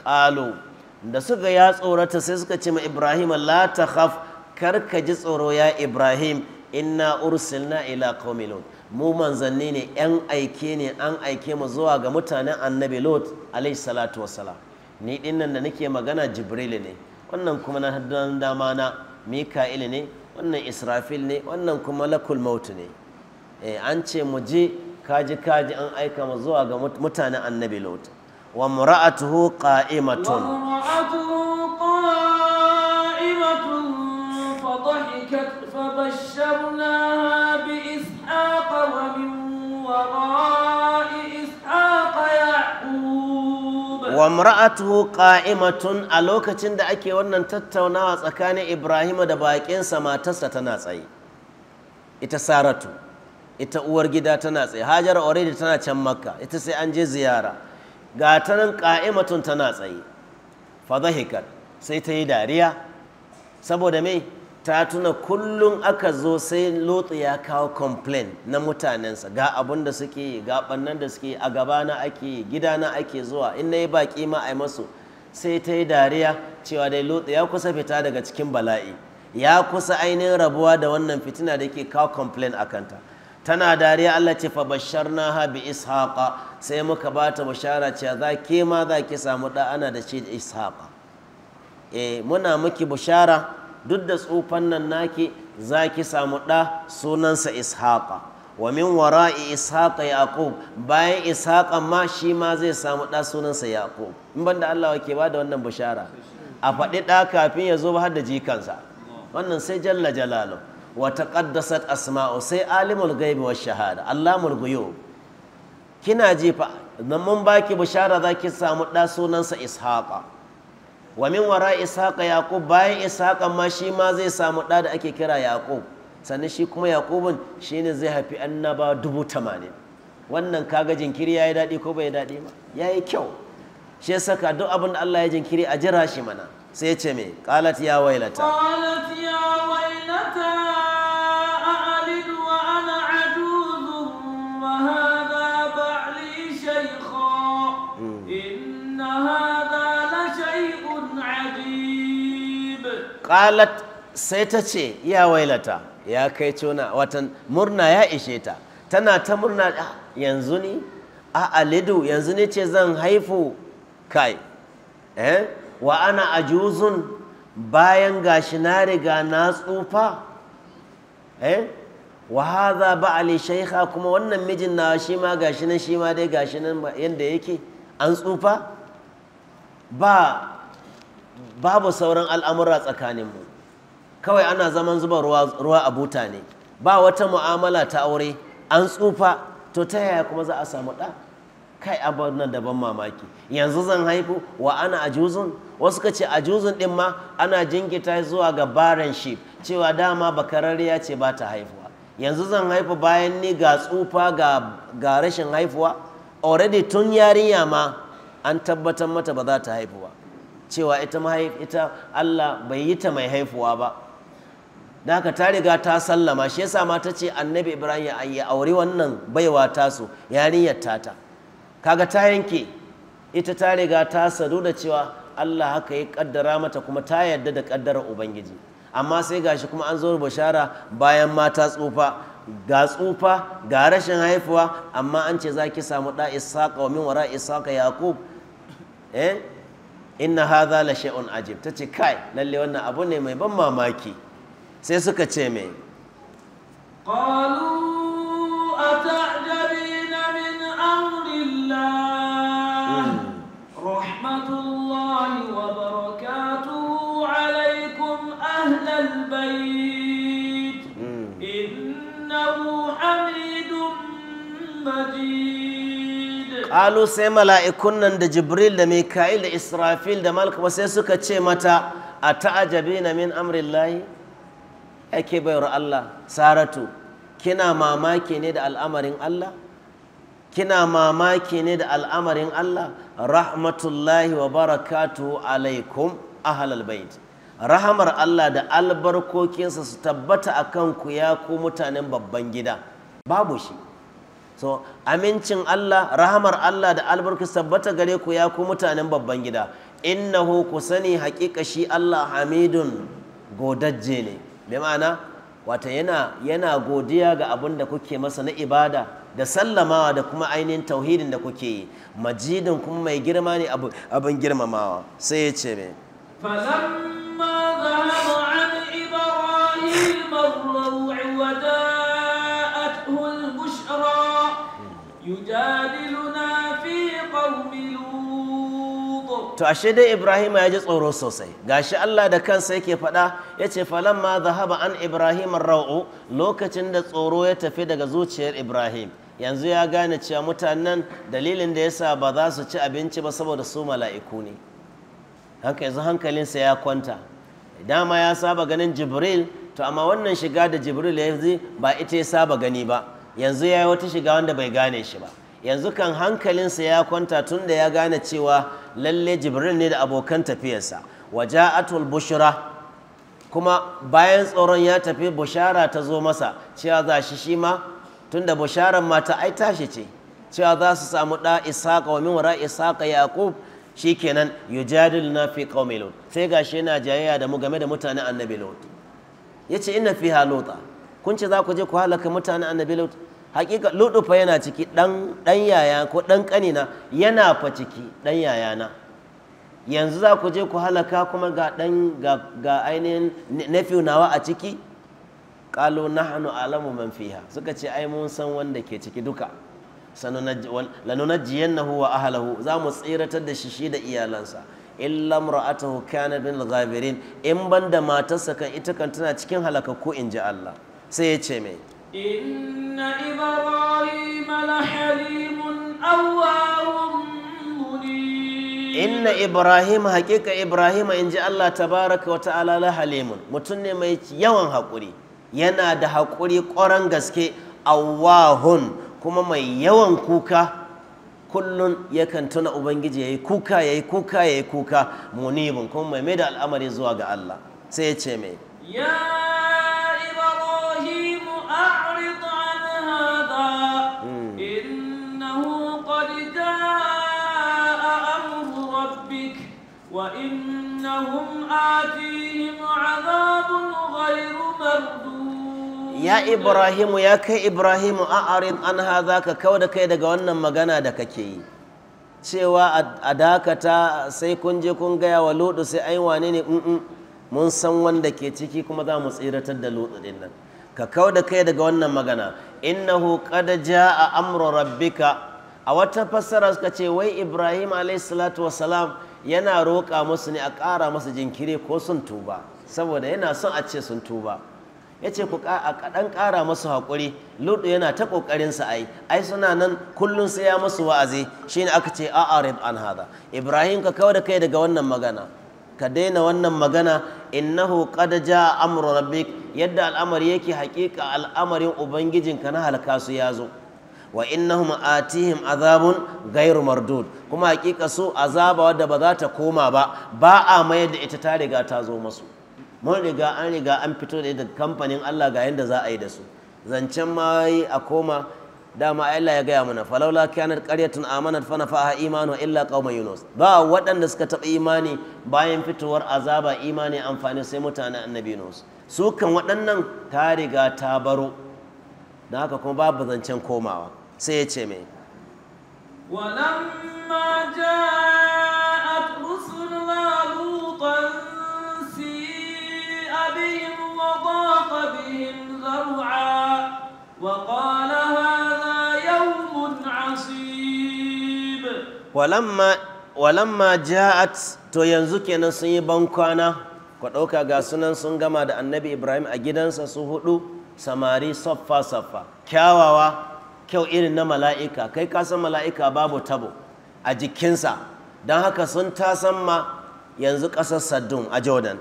ƙalo da suka ya tsorata sai suka ce ma ibrahim la karka kar ka ji tsoro ya ibrahim inna ursilna ila qaumil mu manzanni ne yan aike ne an aike mu zuwa ga mutanen annabi lot alaihi salatu ni dinnan da nake magana jibril ne wannan kuma na haddan dama na mika'il ne wannan israfil ne wannan kuma lakul maut ne eh, an ce mu je kaji kaji an aika mu zuwa ga mutanen annabi lot wa mura'atuhu qa'imatun wa mura'atuhu فضحكت فبشرناها بإسحاق ومن وراء إسحاق يعقوب وامرأته قائمة ألوكة دا أكي ونن تتونا وسكان إبراهيم دا باكين سما تستنا سي إتسارتو ita uwar gida tana tsaye hajar already tana can makka ita sai an je ziyara ga ta nan ka'imatun tana tsaye fadahikat sai ta yi dariya saboda me ta tuna kullum aka zo sai lotsi ya kawo complain na mutanensa ga abun da suke yi ga bannan da suke yi a gabana ake yi gidana ake zuwa in na yi baƙi ma a masu sai ta yi dariya cewa dai lotsi ya kusa fita daga cikin bala'i ya kusa ainihin rabuwa da wannan fitina da ke kawo complain a kanta tana dariya Allah ce fa bashar na habi ishaƙa sai muka ba ta bashara cewa za ke ma za ki samu da ana da shi ishaƙa eh muna miki bashara duk da tsufan nan naki za ki samu ɗa sunansa ishaqa wa min wara'i ishaqa yaqub bayan ishaqa ma shi ma zai samu ɗa sunansa yaqub in da Allah ke ba da wannan bishara a faɗi ɗa kafin ya zo har da jikansa wannan sai jalla jalalu wa taqaddasat asma'u sai alimul ghaibi wa shahada allamul ghuyub kina jifa nan mun baki bishara zaki samu ɗa sunansa ishaqa wa min wara ishaqa yaqub bayan ishaqa ma shi ma zai samu ɗa da ake kira yaqub sannan shi kuma yaqubun shine zai haifi annaba dubu tamanin wannan kaga jinkiri yayi daɗi ko bai daɗi ba yayi kyau shi saka duk abin da Allah ya jinkiri a jira shi mana sai ya ce me qalat ya wailata qalat ya wailata a'lid wa ana ajuzun wa qalat sai ta ce ya wailata ya kai cona watan murna ya ishe ta tana ta murna ah, yanzu ne ah, a alidu yanzu ne ce zan haifu kai eh wa ana ajuzun bayan gashi na riga na tsufa eh wa hadha Ali shaykha kuma wannan mijin nawa shi ma gashi nan shi ma dai gashi nan yanda yake an tsufa ba babu sauran al'amura tsakaninmu kawai ana zaman zuba ruwa a buta ne ba wata mu'amala ta aure an tsufa to ta yaya kuma za a samu ɗa kai abin nan daban mamaki yanzu zan haifu wa ana ajuzun wasu ka ce ajuzun ɗin ma ana jingita zuwa ga baran shi cewa dama bakararriya ce ba ta haifuwa yanzu zan haifu bayan ni ga tsufa ga rashin haifuwa already tun yarinya ma an tabbatar mata ba za ta haifu ba cewa ita ita Allah bai yi ta mai haifuwa ba da haka ta riga ta sallama shi yasa mata ce annabi ibrahim ya yi aure wannan baiwa tasu yarinyar tata kaga ta yanke ita ta riga ta sadu da cewa Allah haka ya kaddara mata kuma ta yarda da kaddarar ubangiji amma sai gashi kuma an zo bashara bayan mata tsufa ga tsufa ga rashin haifuwa amma an ce za ki samu da isaka wa min wara isaka yaqub eh inna haza la shay'un ajib ce kai lalle wannan abu ne mai ban mamaki sai suka ce mai qalu أتعجبين من أمر البيت إنه حميد مجيد Alu sai mala'ikun nan da jibril da mika'il da israfil da malka sai suka ce mata a ta'ajabi na min layi. ake bayar Allah saratu kina mamaki ne da al'amarin Allah kina mamaki ne da al'amarin Allah rahmatullahi wa barakatu alaikum ahlal bait rahamar Allah da albarkokinsa su tabbata akan ku ya ku mutanen babban gida babu shi so amincin Allah rahamar Allah da albarku sabbata gare ku ya ku mutanen babban gida innahu ku sani haƙiƙa shi Allah hamidun godajje ne bi ma'ana wata yana yana godiya ga abin da kuke masa na ibada da sallamawa da kuma ainihin tauhidin da kuke yi majidin kuma mai girma ne abin girmamawa sai ya ce me falamma zahaba an ibrahim ar-ru'u yujadiluna fi qaumi lut to ashe dai ibrahim ya ji tsoro sosai gashi Allah da kansa yake faɗa yace falamma zahaba an ibrahim ar lokacin da tsoro ya tafi daga zuciyar ibrahim yanzu ya gane cewa mutanen dalilin da yasa ba za su ci abinci ba saboda su mala'iku ne haka yanzu hankalinsa ya kwanta dama ya saba ganin jibril to amma wannan shiga da jibril ya yi ba ita ya saba gani ba yanzu ya yi wata shiga wanda bai gane shi ba yanzu kan hankalinsa ya kwanta tun da ya gane cewa lalle jibril ne da abokan tafiyarsa Waje atul bushra kuma bayan tsoron ya tafi bushara ta zo masa cewa za shi shi ma tun da busharar mata ai tashi ce cewa za su samu da isaka wa min wara isaka yaqub shikenan na fi qaumi lut sai gashi yana jayayya da mu game da mutanen annabi lut yace inna fiha luta kun ce za ku je ku halaka mutanen annabi lut hakika lutu fa yana ciki dan dan yaya ko dan kanina yana fa ciki dan na yanzu za ku je ku halaka kuma ga dan ga, ga ainihin nephew nawa a ciki qalu nahnu alamu man suka ce ai mun san wanda ke ciki duka huwa wa ahlahu za mu tsiratar da shi shi da iyalansa illa imra'atahu kana bin ghabirin in banda matarsa kan ita kan tana cikin halaka ko ji Allah sai ya ce mai inna ibrahim lahalimun awwahum inna ibrahim haƙiƙa ibrahim in allah tabaaraka wa ta'ala la halimun mutum ne mai yawan hakuri yana da hakuri ƙwaron gaske awahun kuma mai yawan kuka kullum yakan tuna ubangiji yayi yi kuka ya kuka ya kuka munibun kuma mai mai da al'amari zuwa ga allah sai ya ce mai ya Ya Ibrahimu ya kai Ibrahimu a arin an ha ka kawo da kai daga wannan magana da kake yi, cewa a dakata sai kun je kun gaya wa lodu sai ainihi wani ne mun san wanda ke ciki kuma za mu tsiratar da lodu ɗin ka kau da kai daga wannan magana innahu qad jaa amru rabbika a wata fassara suka ce wai Ibrahim alayhi salatu wasalam yana roƙa musu ne a ƙara musu jinkiri ko sun tuba saboda yana son a ce sun tuba ya ce ku a kaɗan ƙara masu haƙuri ludu yana ta ƙoƙarin sa ai ai suna nan kullum sai ya masu wa'azi shine aka ce a'arid an hada ibrahim ka kawo da kai daga wannan magana ka daina wannan magana innahu qad jaa amru rabbik yadda al'amari yake haƙiƙa al'amarin ubangijin ka na halka su ya zo wa innahum atihim azabun ghairu mardud kuma haƙiƙa su azaba wadda ba za ta koma ba ba a mayar da ita ta riga ta zo masu mun riga an riga an fito da kamfanin Allah ga yanda za a yi da su zancen ma a koma dama Allah ya gaya mana falawla kanat qaryatun amanat fa nafaha imanu illa qauma yunus ba waɗanda suka taɓa imani bayan fitowar azaba imani amfani sai mutanen annabi yunus su kan waɗannan ta riga ta baro don haka kuma babu zancen komawa sai ya ce mai ja'at جاءت lutan si abihim wa daqa bihim zar'a وقال هذا يوم عصيب ولما ولما جاءت to yanzu kenan sun yi bankwana ku ɗauka ga sunan sun gama da annabi ibrahim a gidansa su huɗu samari saffa saffa kyawawa kyau irin na mala'ika kai kasan mala'ika babu tabo a jikinsa don haka sun tasan ma yanzu ƙasar saddun a jordan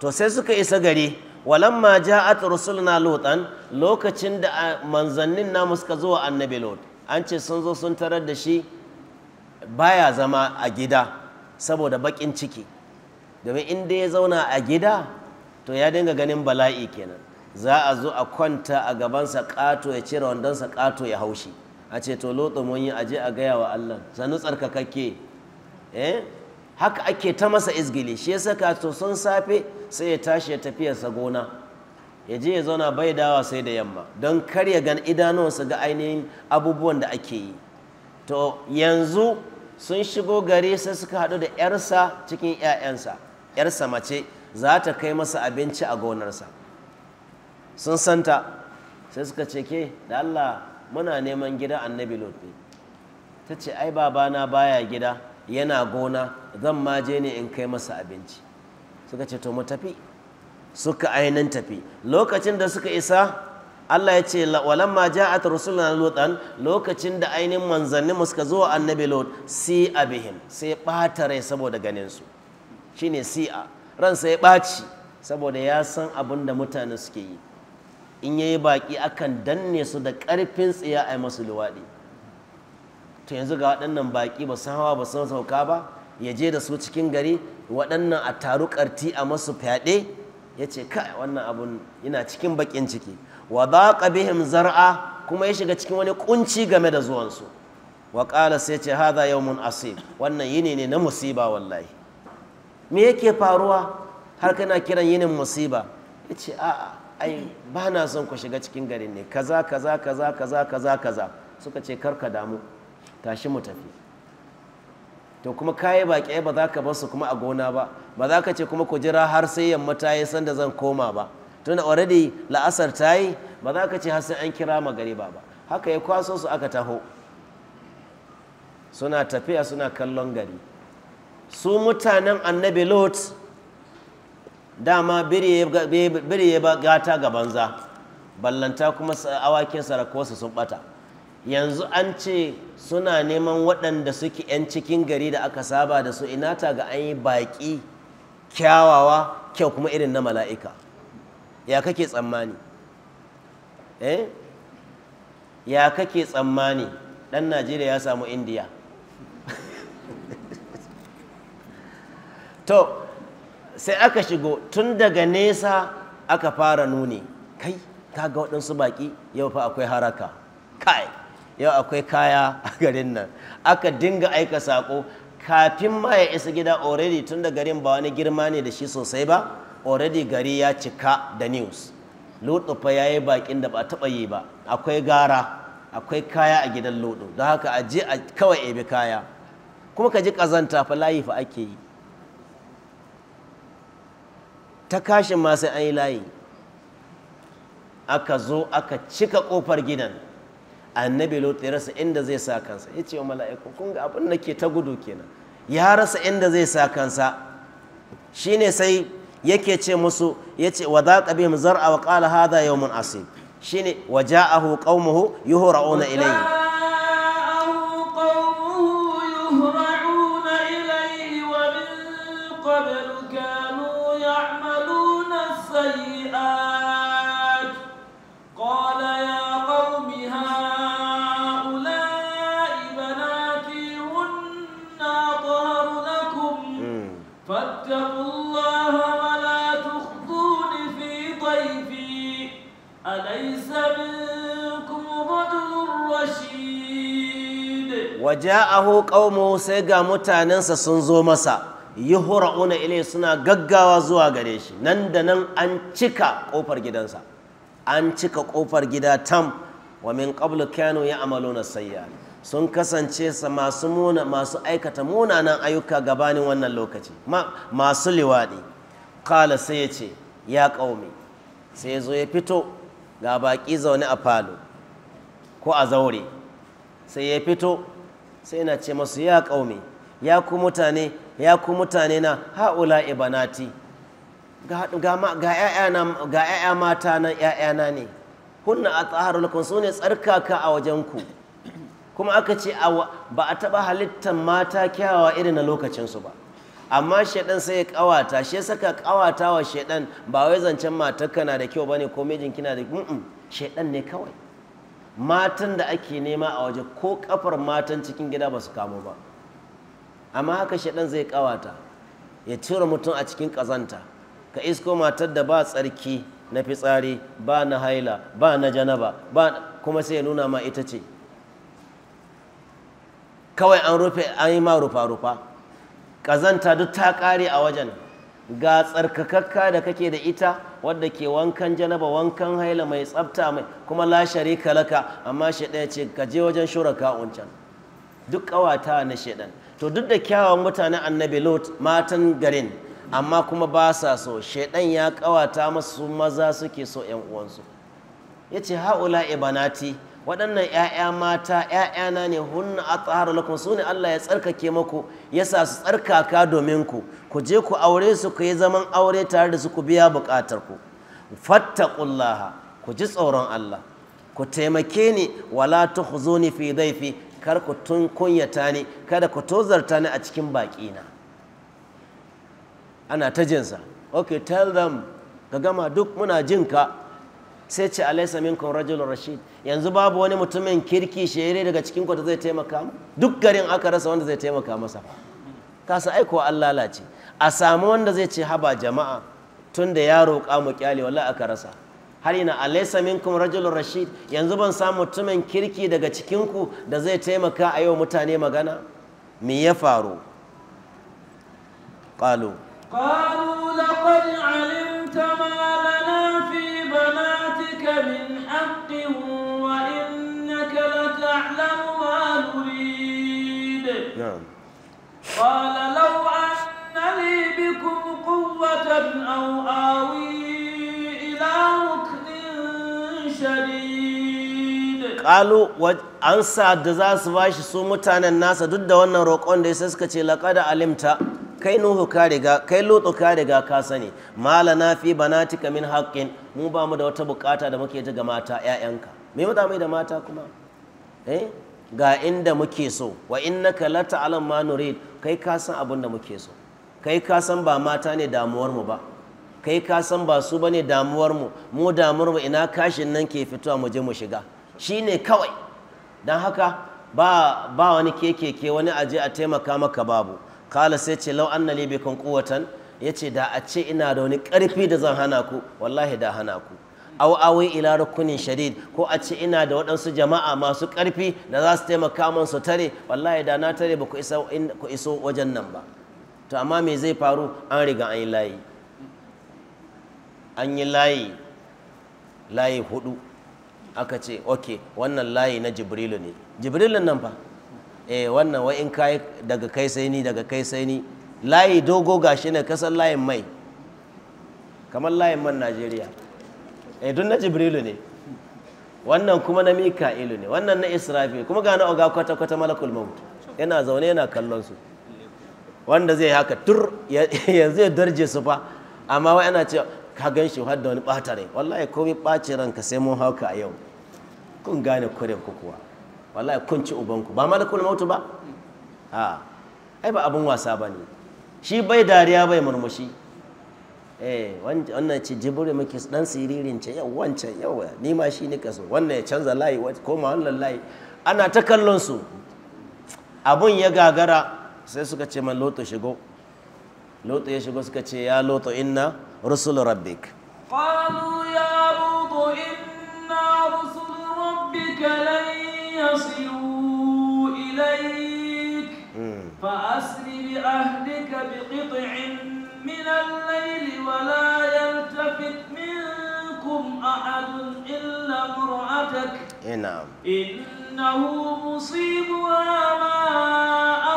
to sai suka isa gari walamma ja'at na lutan lokacin da ah, manzannin namu suka zo annabi lut an ce sun zo sun tarar da shi baya zama a gida saboda bakin ciki domin inda ya zauna a gida to ya dinga ganin bala'i kenan za a zo a kwanta a gabansa ƙato ya cire wandonsa ƙato ya haushi a ce to lotsa mun yi aje a gaya wa Allah sanu tsarkakakke eh haka ake ta masa izgili shi ya saka to sun safe sai ya tashi ya tafiyarsa gona ya je ya zauna bai dawa sai da yamma don kar ya gan idanuwansa ga ainihin abubuwan da ake yi to yanzu sun shigo gari sai suka haɗu da 'yarsa cikin 'ya'yansa 'yarsa mace za ta kai masa abinci a gonarsa sun santa sai suka ce ke da Allah muna neman gida annabi lot ne ta ce ai babana baya gida yana gona zan ma je ne in kai masa abinci suka ce to mu tafi suka ainihin tafi lokacin da suka isa Allah ya ce walamma ja'at rusuluna lutan lokacin da ainihin manzannin mu suka zo annabi lut si abihim sai bata rai saboda ganin su shine si'a ran sai ɓaci saboda ya san abin da mutane suke yi in yayi baƙi akan danne su da ƙarfin tsiya a masu luwaɗi to yanzu ga waɗannan baƙi ba san hawa ba san sauka ba ya je da su cikin gari waɗannan a taru ƙarti a masu fyaɗe ya ce kai wannan abun yana cikin baƙin ciki wa baqa bihim zar'a kuma ya shiga cikin wani kunci game da zuwansu wa ƙala sai ce yau yawmun asib wannan yini ne na musiba wallahi me yake faruwa har kana kiran yinin musiba yace a'a ai ba na son ku shiga cikin gari ne kaza kaza kaza kaza kaza kaza suka ce kar ka damu tashi mu tafi to kuma kayi baƙi ba za ka bar su kuma a gona ba ba za ka ce kuma ku jira har sai yamma ta yi sanda zan koma ba tunda already la'asar ta yi ba za ka ce har sai an kira magariba ba haka ya kwaso su aka taho suna tafiya suna kallon gari su mutanen annabi lot dama biri ya gata ga banza ballanta kuma awakin sarakuwarsu sun bata yanzu an ce suna neman waɗanda suke 'yan cikin gari da aka saba da su ina ta ga an yi baƙi kyawawa kyau kuma irin na mala'ika ya kake tsammani eh? ya kake tsammani ɗan najeriya ya samu indiya (laughs) to sai aka shigo tun daga nesa aka fara nuni kai ga waɗansu baƙi yau fa akwai haraka kai yau akwai kaya a garin nan aka dinga aika saƙo. kafin ma ya isa gida already tun da garin ba wani girma ne da shi sosai ba already gari ya cika da news lutufa ya yi bakin da ba taɓa yi ba akwai gara akwai kaya a gidan lodo don haka a je a kawai ebi kaya kuma ka ji ƙazanta fa layi fa ake yi ta kashin ma sai an yi layi aka zo aka cika ƙofar gidan annabi lot ya rasa inda zai sa kansa ya ce wa mala'iku kun ga abin da ke ta gudu kenan ya rasa inda zai sa kansa shine sai yake ce musu yace wa za zaqa mu zar'a wa asi hadha yawmun asib shine waja'ahu qaumuhu yuhra'una ilayhi faja'ahu qaumu sai ga mutanensa sun zo masa yuhra'una ile suna gaggawa zuwa gare shi nan da nan an cika kofar gidansa an cika kofar gida tam wa min ya amalo na sayyi'at sun kasance sa masu muna masu aikata munanan ayyuka gabanin wannan lokaci masu liwaɗi kala sai ya ce ya ƙaumi sai zo ya fito ga baƙi zaune a falo ko a zaure sai ya fito sai ina ce masu ya ƙaumi ya ku mutane ya ku mutane na haula ibanati ga ‘ya'ya mata na ‘ya'yana ne Kunna a tsaharar lokacin su ne tsarkaka a wajenku kuma aka ce ba a taɓa halittar mata kyawawa irin na lokacinsu ba amma shaidan sai ya kawata shi saka kawata wa shaidan ba wai zancen matar kana da kyau ba ne, ko mijin kina da mm shaidan ne kawai matan da ake nema a waje ko kafar matan cikin gida ba su kamo ba amma haka shaɗan zai kawata ya cire mutum a cikin ƙazanta ka isko matar da ba tsarki na fitsari ba na haila ba na janaba ba kuma sai ya nuna ma ita ce kawai an an yi ma rufa-rufa ƙazanta duk ta ƙare a wajen ga tsarkakakka da kake da ita wadda ke wankan janaba wankan haila mai tsafta mai kuma la sharika laka amma ɗaya ce ka wajen shuraka uncan duk kawata na shaidan to duk da kyawawan mutane annabi lot matan garin amma kuma ba sa so shaidan ya kawata masu maza suke so yan uwansu ya ce haula ibanati waɗannan 'ya'ya mata 'ya'yana ne hunna a tsara lakum su ne Allah ya tsarkake maku ya sa su tsarkaka domin ku ku je ku aure su ku yi zaman aure tare da su ku biya buƙatar ku fattaqullaha ku ji tsoron Allah ku taimake ni wala tukhzuni fi dhaifi kar ku tun kunyata ni kada ku tozarta ni a cikin baƙina ana ta jinsa okay tell them ka gama duk muna jinka sai ce alaisa minkum rajulun rashid yanzu babu wani mutumin kirki shere daga cikin ku zai taimaka mu duk garin aka rasa wanda zai taimaka masa ka san aiko an lalace a sami wanda zai ce haba jama'a tun da ya roƙa mu kyale wallahi aka rasa har ina alaysa minkum rajulun rashid yanzu ban samu mutumin kirki daga cikin ku da zai taimaka a yau mutane magana me ya faru qalu قال لو لي بكم قوة أو آوي إلى ركن شديد قالوا وأنسى دزاس باش سومتان الناس ضد وانا روكون دي سسكتي لقد علمت كي نوه ka كي لوتو lutsu كاساني ما لنا في بناتك من banatika موبا مدو mu ba mu da wata bukata da muke ji ga mata ƴaƴanka me ga inda muke so wa innaka la ta'lam ma nurid kai kasan san abin da muke so kai ka san ba mata ne damuwarmu ba kai ka san ba su ba ne damuwarmu mu damuwarmu ina kashin nan ke fitowa mu je mu shiga shi ne kawai don haka ba, ba wani kekeke wani aje a taimaka maka babu kala sai ce lau anna li bikum quwwatan yace da a ce ina da wani karfi da zan hana ku wallahi da hana ku aw awi ila rukunin shadid ko a ce ina da waɗansu jama'a masu karfi da za su taimaka min su tare wallahi da na tare ba ku iso wajen nan ba to amma me zai faru an riga an yi layi an yi layi layi hudu aka ce ok wannan layi na jibrilu ne jibrilu nan ba. eh wannan wa in kai daga kai sai ni daga kai sai ni layi dogo gashi ne kasan layin mai kamar layin man najeriya eh dun na jibrilu ne wannan kuma na mika'ilu ne wannan na israfil kuma gane oga kwata-kwata malakul maut yana zaune yana kallon su wanda zai haka tur yanzu ya darje su fa amma wai ana cewa ka gan shi har da wani ɓata rai wallahi komai ɓace ranka sai mun hauka a yau kun gane kure ku kuwa wallahi kun ci ubanku ba malakul mautu ba a ai ba abin wasa ba ne shi bai dariya bai murmushi eh wannan ce jibiri muke dan siririn ce yau wancan yau ni ma shi ne kaso. wannan ya canza layi koma wannan layi ana ta kallon su abun ya gagara sai suka ce man loto shigo loto ya shigo suka ce ya loto inna rusul rabbik qalu ya loto inna rusul rabbika lan yasiru ilayk hmm. fa asri bi ahlika bi qit'in من الليل ولا يلتفت منكم أحد إلا امرأتك نعم إن Namu musingawa ba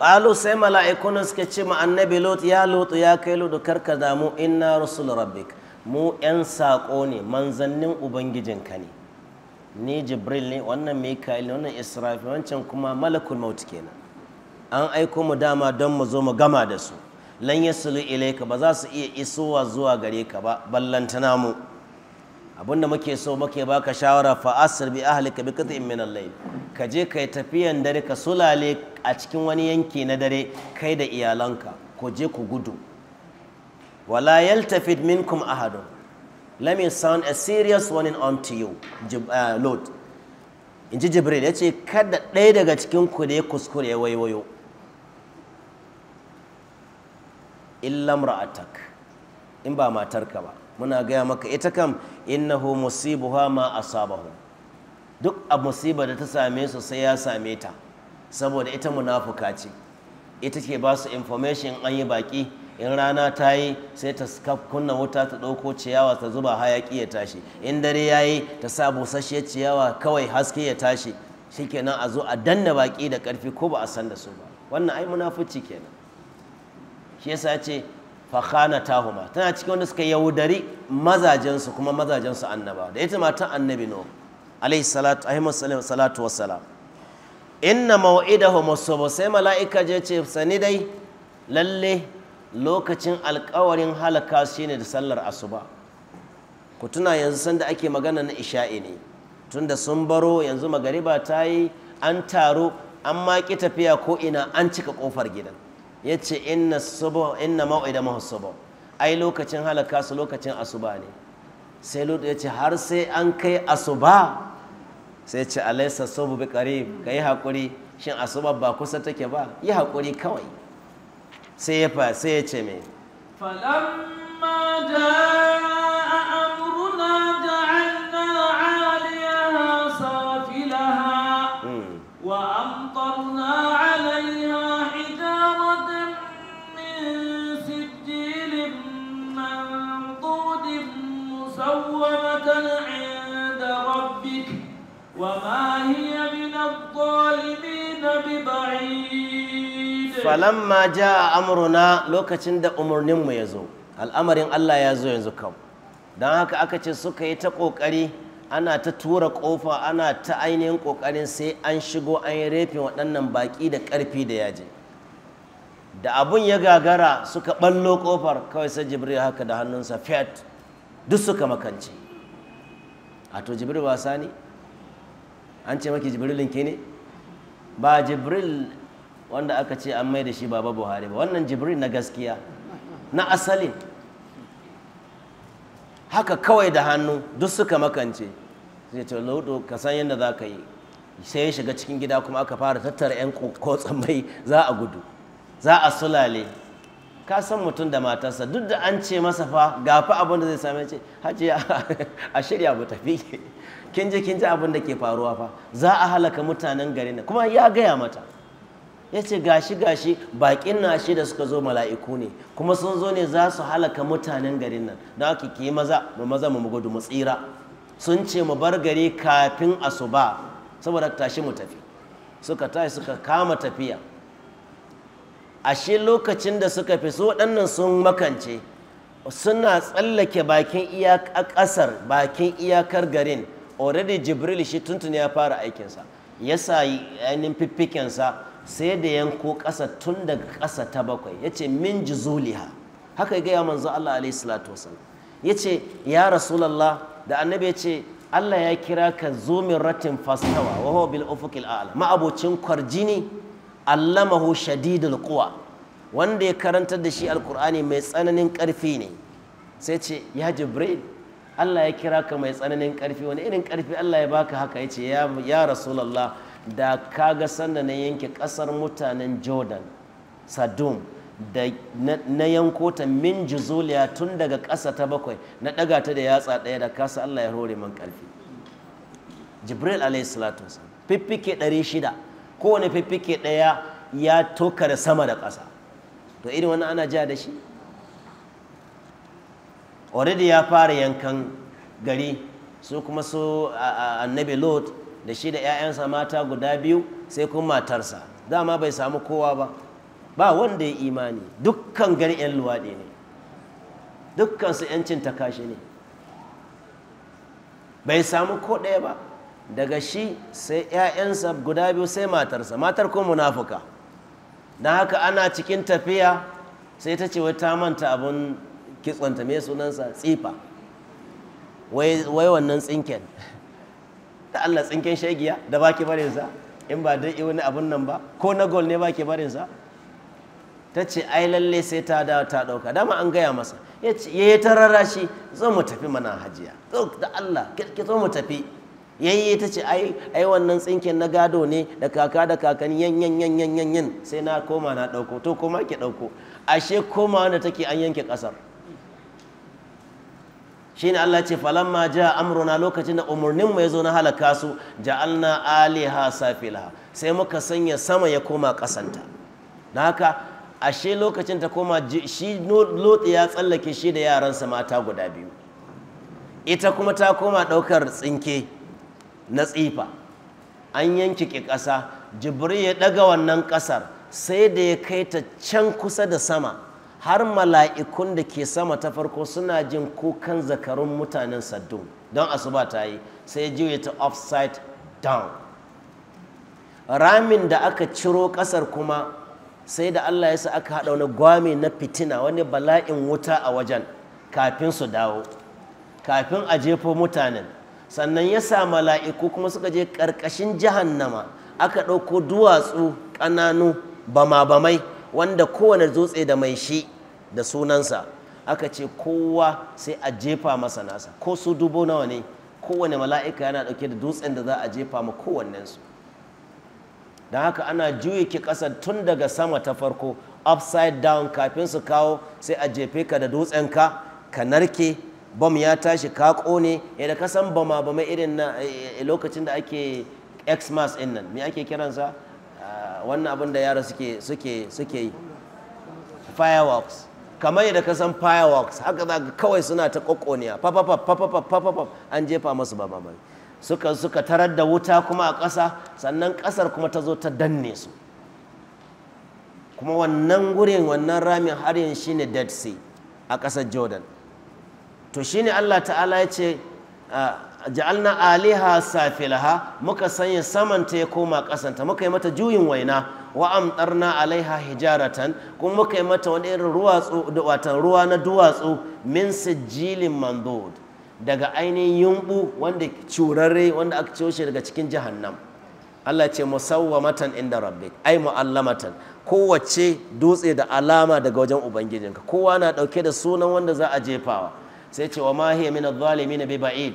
a so ma la'aiko na suke ci ma'anarɓi. Ya loto ya kai loto, kar ka zamu, ina rusu lorabik. Mu 'yan saƙo ne manzanin ubangijin ka ne. Ni Jibril ne, wannan mai ne, wannan israfi Wancan kuma mallakun mawtike na. An aiko mu dama don mu zo mu gama da su. lan yasulu ilaika ba za su iya isowa zuwa gare ka ba ballantana mu abinda muke so muke baka shawara fa asr bi ahlika bi qit'in min al-layl ka je kai tafiyan dare ka sulale a cikin wani yanki na dare kai da iyalanka ko je ku gudu wala yaltafid minkum ahadun let me sound a serious warning unto you uh, lord in ji jibril ya ce kada ɗaya daga cikin ku da ya kuskure ya waiwayo illam ra'atak in ba matarka ba muna gaya maka ita kam innahu musibuha ma asabahu duk a musiba da ta same su sai ya same ta saboda ita munafuka ce ita ke ba su information an yi baki in rana ta yi sai ta kunna wuta ta ɗauko ciyawa ta zuba hayaki ya tashi in dare ya yi ta sa busasshiyar ciyawa kawai haske ya tashi shikenan a zo a danna baki da ƙarfi ko ba a san da su ba wannan ai munafuci kenan shi yasa ce fakhana tahuma tana cikin wanda suka yaudari mazajensu kuma mazajensu annaba da ita mata annabi no alaihi salatu alaihi salatu wassalam inna mau'idahum homo sobo sai mala'ika je ce sani dai lalle lokacin alkawarin halaka ne da sallar asuba ku tuna yanzu sanda ake magana na isha'i ne tunda sun baro yanzu magariba ta yi an taro an maƙi tafiya ko ina an cika kofar gidan ya ce inna suba inna mau'ida ai lokacin halaka su lokacin asuba ne sai Lutu ya ce har sai an kai asuba sai ce alaisa subu bi qarib yi hakuri shin asuba ba kusa take ba yi hakuri kawai sai ya fa sai ya ce me falamma jaa درجة عند a amurna lokacin da umarninmu ببعيد فلما al'amarin Allah ya zo yanzu kam don haka aka ce suka yi ta ƙoƙari ana ta tura ƙofa ana ta ainihin ƙoƙarin sai an shigo an yi refin waɗannan baƙi da ƙarfi da yaji da abun ya gagara suka ɓallo ƙofar kawai sai jibril haka da hannunsa fiat duk suka makance a to jibril wasa ne an ce maki jibrilin ke ne ba jibril wanda aka ce an mai da shi baba buhari ba wannan jibril na gaskiya na asalin haka kawai da hannu duk suka makance zai ce lodo ka san yadda za ka yi sai ya shiga cikin gida kuma aka fara tattara 'yan kotsan mai za a gudu za a sulale ka san mutum da matarsa duk da an ce masa fa gafa abin da zai same ce (laughs) a shirya mu tafi (laughs) kin je abin da ke faruwa fa za a halaka mutanen gari na kuma ya gaya mata ya ce gashi gashi bakin shi da suka zo mala'iku ne kuma sun zo ne za su halaka mutanen garin nan da haka ki maza mu maza mu gudu mu tsira sun ce mu bar gari kafin asuba saboda tashi mu tafi suka tashi suka kama tafiya ashe lokacin da suka fi so waɗannan sun makance suna tsallake bakin iyakar ƙasar bakin iyakar garin already jibril shi tuntun ya fara aikinsa ya sayi ainihin fiffikensa sai da yanko ƙasa tun daga ƙasa ta bakwai ya ce min haka ya gaya manzo Allah alaihi salatu ya ce ya rasulallah da annabi ya ce Allah ya kira ka zo min ratin fastawa wa huwa bil a'la ma'abocin kwarjini allamahu shadidul quwa wanda ya karantar da shi alkur'ani mai tsananin karfi ne sai ce ya jibril Allah ya kira ka mai tsananin karfi wani irin karfi Allah ya baka haka ya ce ya rasulallah da kaga sanda na yanke kasar mutanen jordan sadum da na yanko ta min juzuliya tun daga ƙasa ta bakwai na ɗaga ta da yatsa ɗaya da kasa Allah ya hore man karfi jibril alayhi salatu wasallam fiffike ɗari shida kowane fiffike ɗaya ya toka da sama da ƙasa to irin wani ana ja da shi already ya fara yankan gari su kuma su annabi lot da shi da 'ya'yansa mata guda biyu sai kuma matarsa dama bai samu kowa ba ba wanda ya imani dukkan gari 'yan luwaɗi ne dukkan su 'yancin kashi ne bai samu ko ɗaya ba daga shi sai 'ya'yansa guda biyu sai matarsa matar ko munafuka Na haka ana cikin tafiya sai ta ce ta manta abin kitsonta mai sunansa tsifa wai wannan tsinken (laughs) da allah tsinken shagiya da baki barinsa in ba dai wani abin nan ba ko na gol ne baki barinsa ta ce ai lalle sai ta dawo ta ɗauka dama an gaya masa ya yi ta shi zo mu tafi mana hajiya da allah ki mu tafi yayye ta ce ai wannan tsinken na gado ne da kaka da kakan yan yan yan sai na koma na dauko to koma ki dauko ashe koma wanda take an yanke kasar shine Allah ce falamma ja amruna lokacin da umurnin mu zo na halaka su ja'alna aliha safila sai muka sanya sama ya koma kasanta dan haka ashe lokacin ta koma shi lotsi ya tsallake shi da yaransa mata guda biyu ita kuma ta koma daukar tsinke na tsifa an yankike ƙasa jibril ya ɗaga wannan ƙasar sai da ya kai ta can kusa da sama har mala'ikun da ke sama ta farko suna jin kukan zakarun mutanen saddun don asuba ta yi sai ya juya ta offside down ramin da aka ciro ƙasar kuma sai da allah ya sa aka haɗa wani gwami na fitina wani bala'in wuta a wajen kafin su dawo kafin a jefo mutanen sannan ya sa mala'iku kuma suka je ƙarƙashin jahannama aka ɗauko duwatsu ƙananu bama-bamai wanda kowane dutse da mai shi da sunansa aka ce kowa sai a jefa masa nasa ko su dubo nawa ne kowane mala'ika yana ɗauke da dutsen da za a jefa ma kowannensu don haka ana juye ki ƙasa tun daga sama ta farko upside down kafin su kawo sai a jefe ka da dutsen ka, ka narke bom ya tashi ka kone yadda ka san bama bama irin na eh, eh, lokacin da ake xmas din nan me ake kiransa ah, wannan abin da yara suke suke suke yi fireworks kamar yadda ka san fireworks haka za ka kawai suna ta kokkoniya papapapapapapapap an jefa masu ba mamai suka tarar da wuta kuma a ƙasa sannan ƙasar kuma ta zo ta danne su kuma wannan gurin wannan ramin har yanzu shine dead sea a ƙasar jordan to shine Allah ta'ala ya ce ja'alna aliha safilaha muka sanya saman ta ya koma kasanta muka yi mata juyin waina wa amtarna alaiha hijaratan kuma muka yi mata wani irin ruwa watan ruwa na duwatsu min sijilin mandud daga ainihin yumbu wanda curare wanda aka ciyo shi daga cikin jahannam Allah ce musawwamatan inda rabbik ai mu'allamatan kowace dutse da alama daga wajen ubangijinka kowa na dauke da sunan wanda za a jefawa sai ce wa ma hiya min na bi ba'id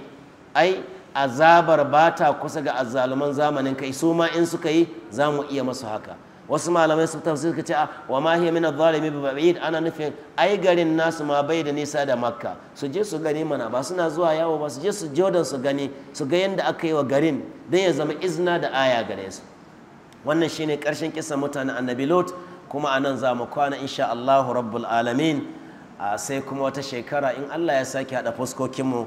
ai azabar ba ta kusa ga azzaluman zamanin kai su ma in suka yi za mu iya masu haka wasu malamai su tafsir suka ce wa ma min adh ba'id ana nufin ai garin nasu ma bai da nisa da makka su je su gani mana ba suna zuwa yawo ba su je su jodan su gani su ga yadda aka yi wa garin dan ya zama izna da aya gare su wannan shine karshen kisan mutanen annabi lot kuma anan za mu kwana insha Allahu rabbul alamin sai kuma wata shekara in Allah ya sake haɗa fuskokinmu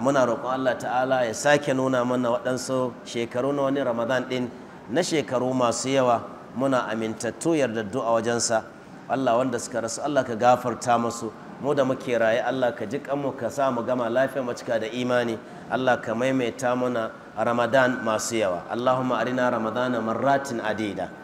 muna roƙon Allah ta'ala ya sake nuna mana waɗansu shekaru na wani ramadan ɗin na shekaru masu yawa muna amintattu yardaddu a wajensa Allah wanda suka rasu Allah ka gafarta musu mu da muke raye Allah ka ji kanmu ka sa mu gama lafiya mu cika da imani Allah ka maimaita mana ramadan masu yawa Allahumma arina ramadana marratin adida